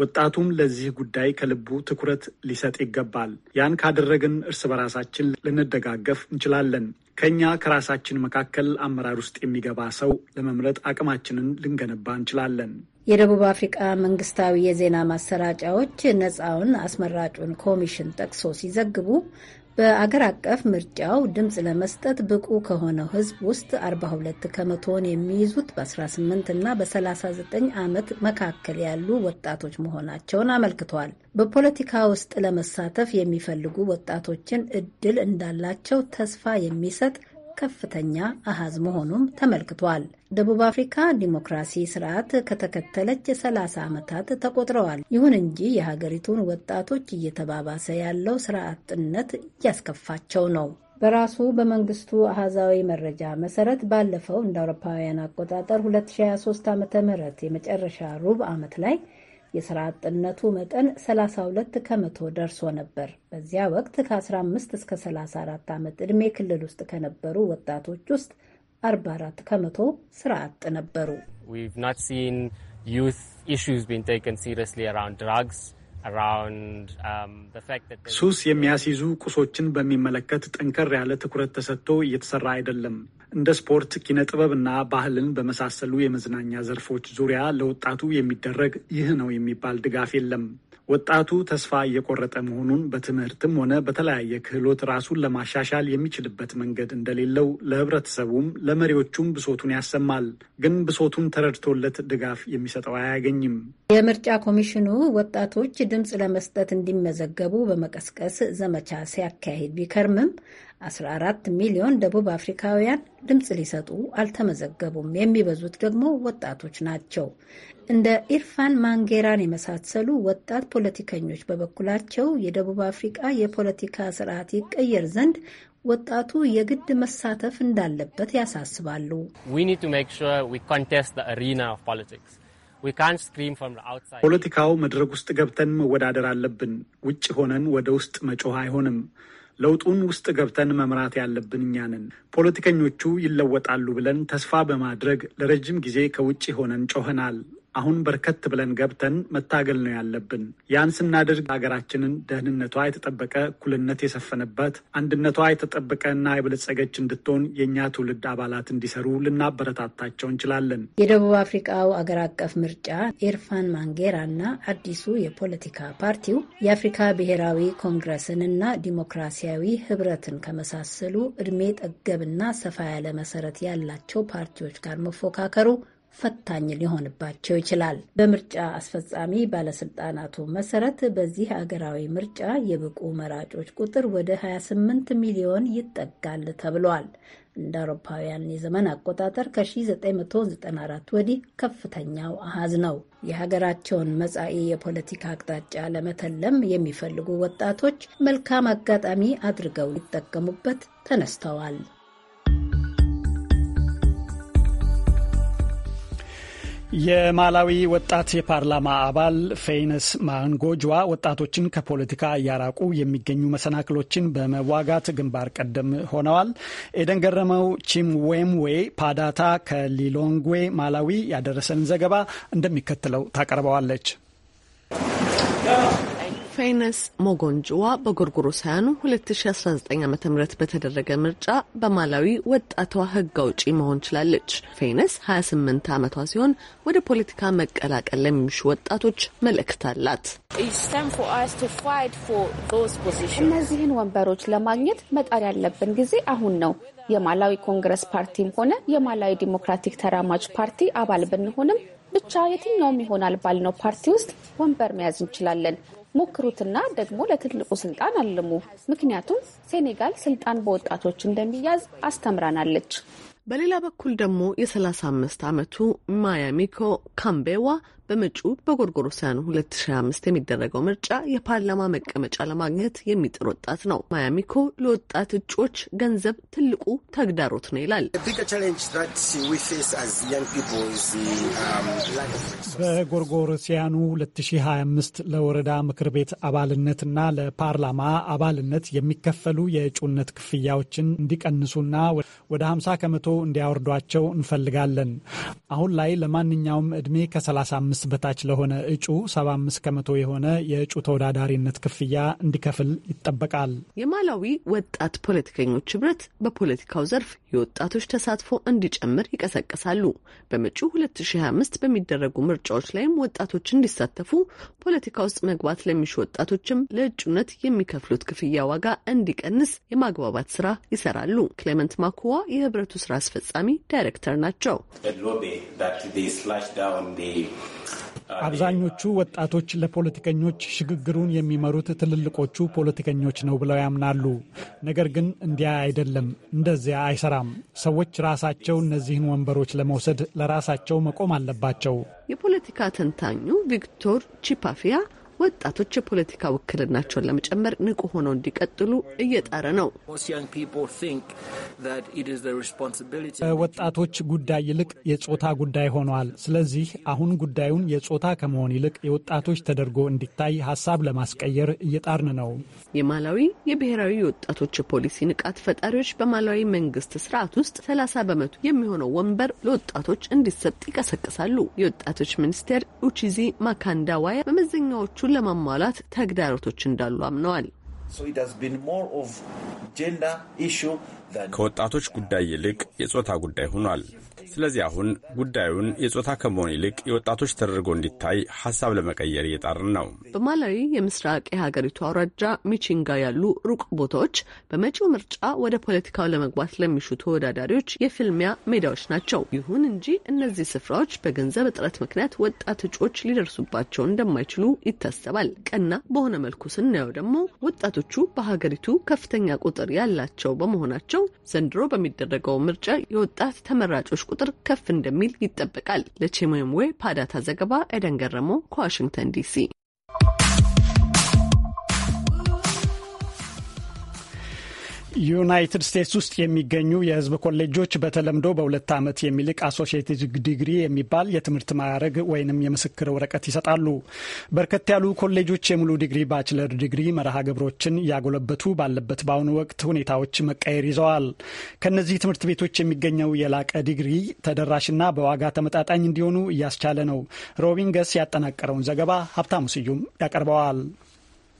ወጣቱም ለዚህ ጉዳይ ከልቡ ትኩረት ሊሰጥ ይገባል። ያን ካደረግን እርስ በራሳችን ልንደጋገፍ እንችላለን። ከእኛ ከራሳችን መካከል አመራር ውስጥ የሚገባ ሰው ለመምረጥ አቅማችንን ልንገነባ እንችላለን። የደቡብ አፍሪቃ መንግስታዊ የዜና ማሰራጫዎች ነፃውን አስመራጩን ኮሚሽን ጠቅሶ ሲዘግቡ በአገር አቀፍ ምርጫው ድምፅ ለመስጠት ብቁ ከሆነው ህዝብ ውስጥ 42 ከመቶውን የሚይዙት በ18 እና በ39 ዓመት መካከል ያሉ ወጣቶች መሆናቸውን አመልክቷል። በፖለቲካ ውስጥ ለመሳተፍ የሚፈልጉ ወጣቶችን እድል እንዳላቸው ተስፋ የሚሰጥ ከፍተኛ አሃዝ መሆኑም ተመልክቷል። ደቡብ አፍሪካ ዲሞክራሲ ስርዓት ከተከተለች 30 ዓመታት ተቆጥረዋል። ይሁን እንጂ የሀገሪቱን ወጣቶች እየተባባሰ ያለው ስርዓትነት እያስከፋቸው ነው። በራሱ በመንግስቱ አሃዛዊ መረጃ መሰረት ባለፈው እንደ አውሮፓውያን አቆጣጠር 2023 ዓ ም የመጨረሻ ሩብ ዓመት ላይ የስራ አጥነቱ መጠን 32 ከመቶ ደርሶ ነበር። በዚያ ወቅት ከ15 እስከ 34 ዓመት ዕድሜ ክልል ውስጥ ከነበሩ ወጣቶች ውስጥ 44 ከመቶ ስራ አጥ ነበሩ። Um, ሱስ የሚያስይዙ ቁሶችን በሚመለከት ጠንከር ያለ ትኩረት ተሰጥቶ እየተሰራ አይደለም። እንደ ስፖርት፣ ኪነ ጥበብና ባህልን በመሳሰሉ የመዝናኛ ዘርፎች ዙሪያ ለወጣቱ የሚደረግ ይህ ነው የሚባል ድጋፍ የለም። ወጣቱ ተስፋ እየቆረጠ መሆኑን በትምህርትም ሆነ በተለያየ ክህሎት ራሱን ለማሻሻል የሚችልበት መንገድ እንደሌለው ለህብረተሰቡም ለመሪዎቹም ብሶቱን ያሰማል። ግን ብሶቱን ተረድቶለት ድጋፍ የሚሰጠው አያገኝም። የምርጫ ኮሚሽኑ ወጣቶች ድምፅ ለመስጠት እንዲመዘገቡ በመቀስቀስ ዘመቻ ሲያካሂድ ቢከርምም 14 ሚሊዮን ደቡብ አፍሪካውያን ድምፅ ሊሰጡ አልተመዘገቡም። የሚበዙት ደግሞ ወጣቶች ናቸው። እንደ ኢርፋን ማንጌራን የመሳሰሉ ወጣት ፖለቲከኞች በበኩላቸው የደቡብ አፍሪካ የፖለቲካ ስርዓት ይቀየር ዘንድ ወጣቱ የግድ መሳተፍ እንዳለበት ያሳስባሉ። ፖለቲካው መድረክ ውስጥ ገብተን መወዳደር አለብን። ውጭ ሆነን ወደ ውስጥ መጮህ አይሆንም። ለውጡን ውስጥ ገብተን መምራት ያለብን እኛንን ፖለቲከኞቹ ይለወጣሉ ብለን ተስፋ በማድረግ ለረጅም ጊዜ ከውጭ ሆነን ጮኸናል። አሁን በርከት ብለን ገብተን መታገል ነው ያለብን። ያን ስናደርግ ሀገራችንን ደህንነቷ የተጠበቀ እኩልነት የሰፈነበት አንድነቷ የተጠበቀና የበለጸገች እንድትሆን የእኛ ትውልድ አባላት እንዲሰሩ ልናበረታታቸው እንችላለን። የደቡብ አፍሪካው አገር አቀፍ ምርጫ ኤርፋን ማንጌራ እና አዲሱ የፖለቲካ ፓርቲው የአፍሪካ ብሔራዊ ኮንግረስን እና ዲሞክራሲያዊ ህብረትን ከመሳሰሉ እድሜ ጠገብና ሰፋ ያለ መሰረት ያላቸው ፓርቲዎች ጋር መፎካከሩ ፈታኝ ሊሆንባቸው ይችላል። በምርጫ አስፈጻሚ ባለስልጣናቱ መሰረት በዚህ አገራዊ ምርጫ የብቁ መራጮች ቁጥር ወደ 28 ሚሊዮን ይጠጋል ተብሏል። እንደ አውሮፓውያን የዘመን አቆጣጠር ከ1994 ወዲህ ከፍተኛው አሃዝ ነው። የሀገራቸውን መጻኢ የፖለቲካ አቅጣጫ ለመተለም የሚፈልጉ ወጣቶች መልካም አጋጣሚ አድርገው ሊጠቀሙበት ተነስተዋል። የማላዊ ወጣት የፓርላማ አባል ፌይነስ ማንጎጅዋ ወጣቶችን ከፖለቲካ እያራቁ የሚገኙ መሰናክሎችን በመዋጋት ግንባር ቀደም ሆነዋል። ኤደን ገረመው ቺምዌምዌ ፓዳታ ከሊሎንግዌ ማላዊ ያደረሰን ዘገባ እንደሚከተለው ታቀርበዋለች። ፌነስ ሞጎንጅዋ በጎርጎሮሳውያኑ 2019 ዓ ም በተደረገ ምርጫ በማላዊ ወጣቷ ህግ አውጪ መሆን ችላለች። ፌነስ 28 ዓመቷ ሲሆን ወደ ፖለቲካ መቀላቀል ለሚሹ ወጣቶች መልእክት አላት። እነዚህን ወንበሮች ለማግኘት መጣር ያለብን ጊዜ አሁን ነው። የማላዊ ኮንግረስ ፓርቲም ሆነ የማላዊ ዲሞክራቲክ ተራማጅ ፓርቲ አባል ብንሆንም ብቻ የትኛውም ይሆናል ባልነው ፓርቲ ውስጥ ወንበር መያዝ እንችላለን። ሞክሩትና ደግሞ ለትልቁ ስልጣን አልሙ። ምክንያቱም ሴኔጋል ስልጣን በወጣቶች እንደሚያዝ አስተምራናለች። በሌላ በኩል ደግሞ የ35 ዓመቱ ማያሚኮ ካምቤዋ በመጪው በጎርጎሮሲያኑ 2025 የሚደረገው ምርጫ የፓርላማ መቀመጫ ለማግኘት የሚጥር ወጣት ነው። ማያሚኮ ለወጣት እጩዎች ገንዘብ ትልቁ ተግዳሮት ነው ይላል። um, በጎርጎሮሲያኑ 2025 ለወረዳ ምክር ቤት አባልነትና ለፓርላማ አባልነት የሚከፈሉ የእጩነት ክፍያዎችን እንዲቀንሱና ወደ 50 ከመቶ እንዲያወርዷቸው እንፈልጋለን። አሁን ላይ ለማንኛውም ዕድሜ ከ35 በታች ለሆነ እጩ 75 ከመቶ የሆነ የእጩ ተወዳዳሪነት ክፍያ እንዲከፍል ይጠበቃል። የማላዊ ወጣት ፖለቲከኞች ህብረት በፖለቲካው ዘርፍ የወጣቶች ተሳትፎ እንዲጨምር ይቀሰቅሳሉ። በመጪው 2025 በሚደረጉ ምርጫዎች ላይም ወጣቶች እንዲሳተፉ፣ ፖለቲካ ውስጥ መግባት ለሚሹ ወጣቶችም ለእጩነት የሚከፍሉት ክፍያ ዋጋ እንዲቀንስ የማግባባት ስራ ይሰራሉ። ክሌመንት ማኩዋ የህብረቱ ስራ አስፈጻሚ ዳይሬክተር ናቸው። አብዛኞቹ ወጣቶች ለፖለቲከኞች ሽግግሩን የሚመሩት ትልልቆቹ ፖለቲከኞች ነው ብለው ያምናሉ። ነገር ግን እንዲያ አይደለም፣ እንደዚያ አይሰራም። ሰዎች ራሳቸው እነዚህን ወንበሮች ለመውሰድ ለራሳቸው መቆም አለባቸው። የፖለቲካ ተንታኙ ቪክቶር ቺፓፊያ ወጣቶች የፖለቲካ ውክልናቸውን ለመጨመር ንቁ ሆነው እንዲቀጥሉ እየጣረ ነው። ወጣቶች ጉዳይ ይልቅ የጾታ ጉዳይ ሆኗል። ስለዚህ አሁን ጉዳዩን የጾታ ከመሆን ይልቅ የወጣቶች ተደርጎ እንዲታይ ሀሳብ ለማስቀየር እየጣርን ነው። የማላዊ የብሔራዊ የወጣቶች ፖሊሲ ንቃት ፈጣሪዎች በማላዊ መንግስት ስርዓት ውስጥ 30 በመቶ የሚሆነው ወንበር ለወጣቶች እንዲሰጥ ይቀሰቅሳሉ። የወጣቶች ሚኒስቴር ኡቺዚ ማካንዳዋያ በመዘኛዎቹ ክፍተቶቹን ለማሟላት ተግዳሮቶች እንዳሉ አምነዋል። ከወጣቶች ጉዳይ ይልቅ የጾታ ጉዳይ ሆኗል። ስለዚህ አሁን ጉዳዩን የጾታ ከመሆን ይልቅ የወጣቶች ተደርጎ እንዲታይ ሀሳብ ለመቀየር እየጣርን ነው። በማላዊ የምስራቅ የሀገሪቱ አውራጃ ሚቺንጋ ያሉ ሩቅ ቦታዎች በመጪው ምርጫ ወደ ፖለቲካው ለመግባት ለሚሹ ተወዳዳሪዎች የፍልሚያ ሜዳዎች ናቸው። ይሁን እንጂ እነዚህ ስፍራዎች በገንዘብ እጥረት ምክንያት ወጣት እጩዎች ሊደርሱባቸው እንደማይችሉ ይታሰባል። ቀና በሆነ መልኩ ስናየው ደግሞ ወጣቶቹ በሀገሪቱ ከፍተኛ ቁጥር ያላቸው በመሆናቸው ዘንድሮ በሚደረገው ምርጫ የወጣት ተመራጮች ቁጥር ከፍ እንደሚል ይጠበቃል። ለቼሞዌ ፓዳታ ዘገባ ኤደን ገረመው ከዋሽንግተን ዲሲ ዩናይትድ ስቴትስ ውስጥ የሚገኙ የህዝብ ኮሌጆች በተለምዶ በሁለት ዓመት የሚልቅ አሶሺየትድ ዲግሪ የሚባል የትምህርት ማዕረግ ወይንም የምስክር ወረቀት ይሰጣሉ። በርከት ያሉ ኮሌጆች የሙሉ ዲግሪ ባችለር ዲግሪ መርሃ ግብሮችን እያጎለበቱ ባለበት በአሁኑ ወቅት ሁኔታዎች መቀየር ይዘዋል። ከእነዚህ ትምህርት ቤቶች የሚገኘው የላቀ ዲግሪ ተደራሽና በዋጋ ተመጣጣኝ እንዲሆኑ እያስቻለ ነው። ሮቢንገስ ያጠናቀረውን ዘገባ ሀብታሙ ስዩም ያቀርበዋል።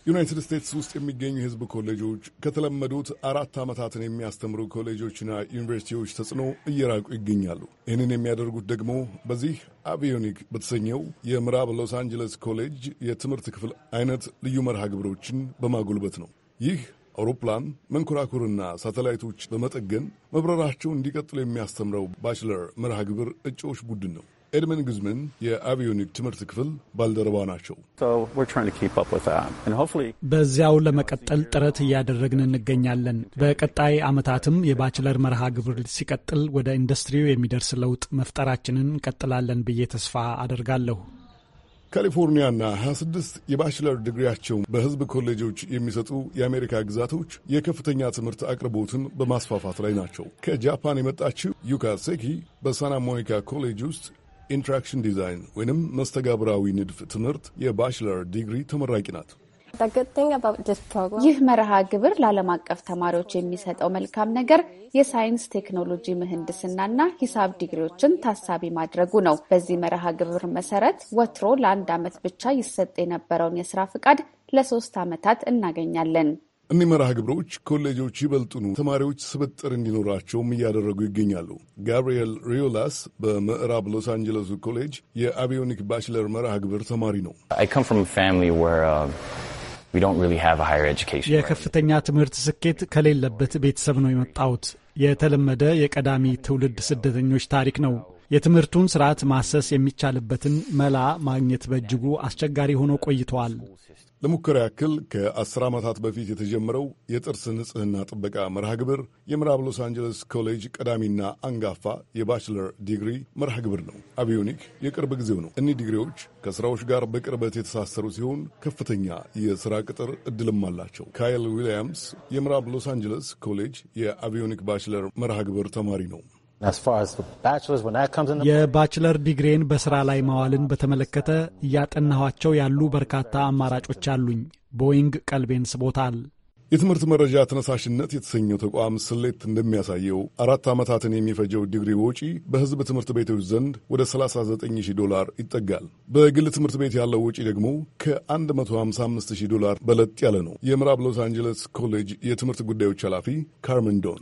ዩናይትድ ስቴትስ ውስጥ የሚገኙ የህዝብ ኮሌጆች ከተለመዱት አራት ዓመታትን የሚያስተምሩ ኮሌጆችና ዩኒቨርሲቲዎች ተጽዕኖ እየራቁ ይገኛሉ። ይህንን የሚያደርጉት ደግሞ በዚህ አቪዮኒክ በተሰኘው የምዕራብ ሎስ አንጀለስ ኮሌጅ የትምህርት ክፍል አይነት ልዩ መርሃ ግብሮችን በማጎልበት ነው። ይህ አውሮፕላን መንኮራኩርና ሳተላይቶች በመጠገን መብረራቸው እንዲቀጥሉ የሚያስተምረው ባችለር መርሃ ግብር እጩዎች ቡድን ነው። ኤድመን ግዝምን የአቪዮኒክ ትምህርት ክፍል ባልደረባ ናቸው። በዚያው ለመቀጠል ጥረት እያደረግን እንገኛለን። በቀጣይ ዓመታትም የባችለር መርሃ ግብር ሲቀጥል ወደ ኢንዱስትሪው የሚደርስ ለውጥ መፍጠራችንን እንቀጥላለን ብዬ ተስፋ አደርጋለሁ። ካሊፎርኒያና 26 የባችለር ዲግሪያቸውን በሕዝብ ኮሌጆች የሚሰጡ የአሜሪካ ግዛቶች የከፍተኛ ትምህርት አቅርቦትን በማስፋፋት ላይ ናቸው። ከጃፓን የመጣችው ዩካ ሴኪ በሳና ሞኒካ ኮሌጅ ውስጥ ኢንትራክሽን ዲዛይን ወይንም መስተጋብራዊ ንድፍ ትምህርት የባችለር ዲግሪ ተመራቂ ናት። ይህ መርሃ ግብር ለዓለም አቀፍ ተማሪዎች የሚሰጠው መልካም ነገር የሳይንስ ቴክኖሎጂ፣ ምህንድስናና ሂሳብ ዲግሪዎችን ታሳቢ ማድረጉ ነው። በዚህ መርሃ ግብር መሰረት ወትሮ ለአንድ ዓመት ብቻ ይሰጥ የነበረውን የስራ ፍቃድ ለሶስት ዓመታት እናገኛለን። እኒህ መርሃ ግብሮች ኮሌጆች ይበልጡኑ ተማሪዎች ስብጥር እንዲኖራቸውም እያደረጉ ይገኛሉ። ጋብርኤል ሪዮላስ በምዕራብ ሎስ አንጀለሱ ኮሌጅ የአቢዮኒክ ባችለር መርሃ ግብር ተማሪ ነው። uh, የከፍተኛ ትምህርት ስኬት ከሌለበት ቤተሰብ ነው የመጣሁት። የተለመደ የቀዳሚ ትውልድ ስደተኞች ታሪክ ነው። የትምህርቱን ስርዓት ማሰስ የሚቻልበትን መላ ማግኘት በእጅጉ አስቸጋሪ ሆኖ ቆይተዋል። ለሙከራ ያክል ከአስር ዓመታት በፊት የተጀመረው የጥርስ ንጽህና ጥበቃ መርሃ ግብር የምዕራብ ሎስ አንጀለስ ኮሌጅ ቀዳሚና አንጋፋ የባችለር ዲግሪ መርሃ ግብር ነው። አቢዮኒክ የቅርብ ጊዜው ነው። እኒህ ዲግሪዎች ከሥራዎች ጋር በቅርበት የተሳሰሩ ሲሆን ከፍተኛ የሥራ ቅጥር ዕድልም አላቸው። ካይል ዊልያምስ የምዕራብ ሎስ አንጀለስ ኮሌጅ የአቢዮኒክ ባችለር መርሃ ግብር ተማሪ ነው። የባችለር ዲግሬን በስራ ላይ ማዋልን በተመለከተ እያጠናኋቸው ያሉ በርካታ አማራጮች አሉኝ። ቦይንግ ቀልቤን ስቦታል። የትምህርት መረጃ ተነሳሽነት የተሰኘው ተቋም ስሌት እንደሚያሳየው አራት ዓመታትን የሚፈጀው ዲግሪ ወጪ በሕዝብ ትምህርት ቤቶች ዘንድ ወደ 39,000 ዶላር ይጠጋል። በግል ትምህርት ቤት ያለው ወጪ ደግሞ ከ155,000 ዶላር በለጥ ያለ ነው። የምዕራብ ሎስ አንጀለስ ኮሌጅ የትምህርት ጉዳዮች ኃላፊ ካርመን ዶን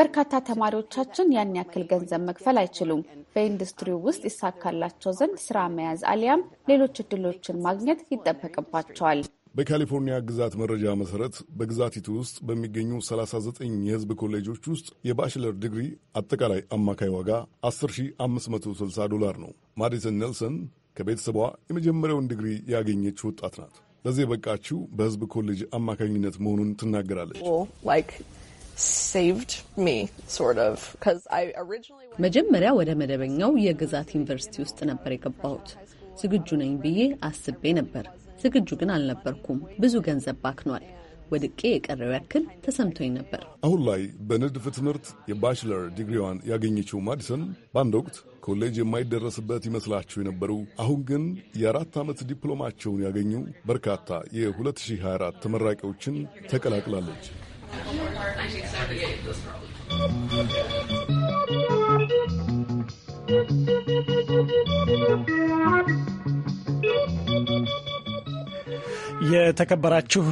በርካታ ተማሪዎቻችን ያን ያክል ገንዘብ መክፈል አይችሉም። በኢንዱስትሪው ውስጥ ይሳካላቸው ዘንድ ስራ መያዝ አሊያም ሌሎች እድሎችን ማግኘት ይጠበቅባቸዋል። በካሊፎርኒያ ግዛት መረጃ መሰረት በግዛቲቱ ውስጥ በሚገኙ 39 የህዝብ ኮሌጆች ውስጥ የባችለር ዲግሪ አጠቃላይ አማካይ ዋጋ 10560 ዶላር ነው። ማዲሰን ኔልሰን ከቤተሰቧ የመጀመሪያውን ዲግሪ ያገኘች ወጣት ናት። ለዚህ የበቃችው በህዝብ ኮሌጅ አማካኝነት መሆኑን ትናገራለች። መጀመሪያ ወደ መደበኛው የግዛት ዩኒቨርሲቲ ውስጥ ነበር የገባሁት። ዝግጁ ነኝ ብዬ አስቤ ነበር። ዝግጁ ግን አልነበርኩም። ብዙ ገንዘብ ባክኗል። ወድቄ የቀረው ያክል ተሰምቶኝ ነበር። አሁን ላይ በንድፍ ትምህርት የባችለር ዲግሪዋን ያገኘችው ማዲሰን በአንድ ወቅት ኮሌጅ የማይደረስበት ይመስላቸው የነበሩ አሁን ግን የአራት ዓመት ዲፕሎማቸውን ያገኙ በርካታ የ2024 ተመራቂዎችን ተቀላቅላለች። 1978, this probably. የተከበራችሁ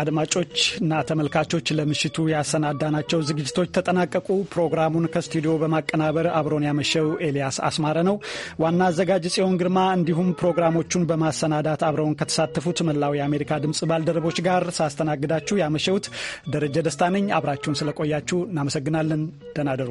አድማጮች እና ተመልካቾች ለምሽቱ ያሰናዳናቸው ዝግጅቶች ተጠናቀቁ። ፕሮግራሙን ከስቱዲዮ በማቀናበር አብሮን ያመሸው ኤልያስ አስማረ ነው። ዋና አዘጋጅ ጽዮን ግርማ፣ እንዲሁም ፕሮግራሞቹን በማሰናዳት አብረውን ከተሳተፉት መላው የአሜሪካ ድምፅ ባልደረቦች ጋር ሳስተናግዳችሁ ያመሸሁት ደረጀ ደስታ ነኝ። አብራችሁን ስለቆያችሁ እናመሰግናለን። ደህና ደሩ።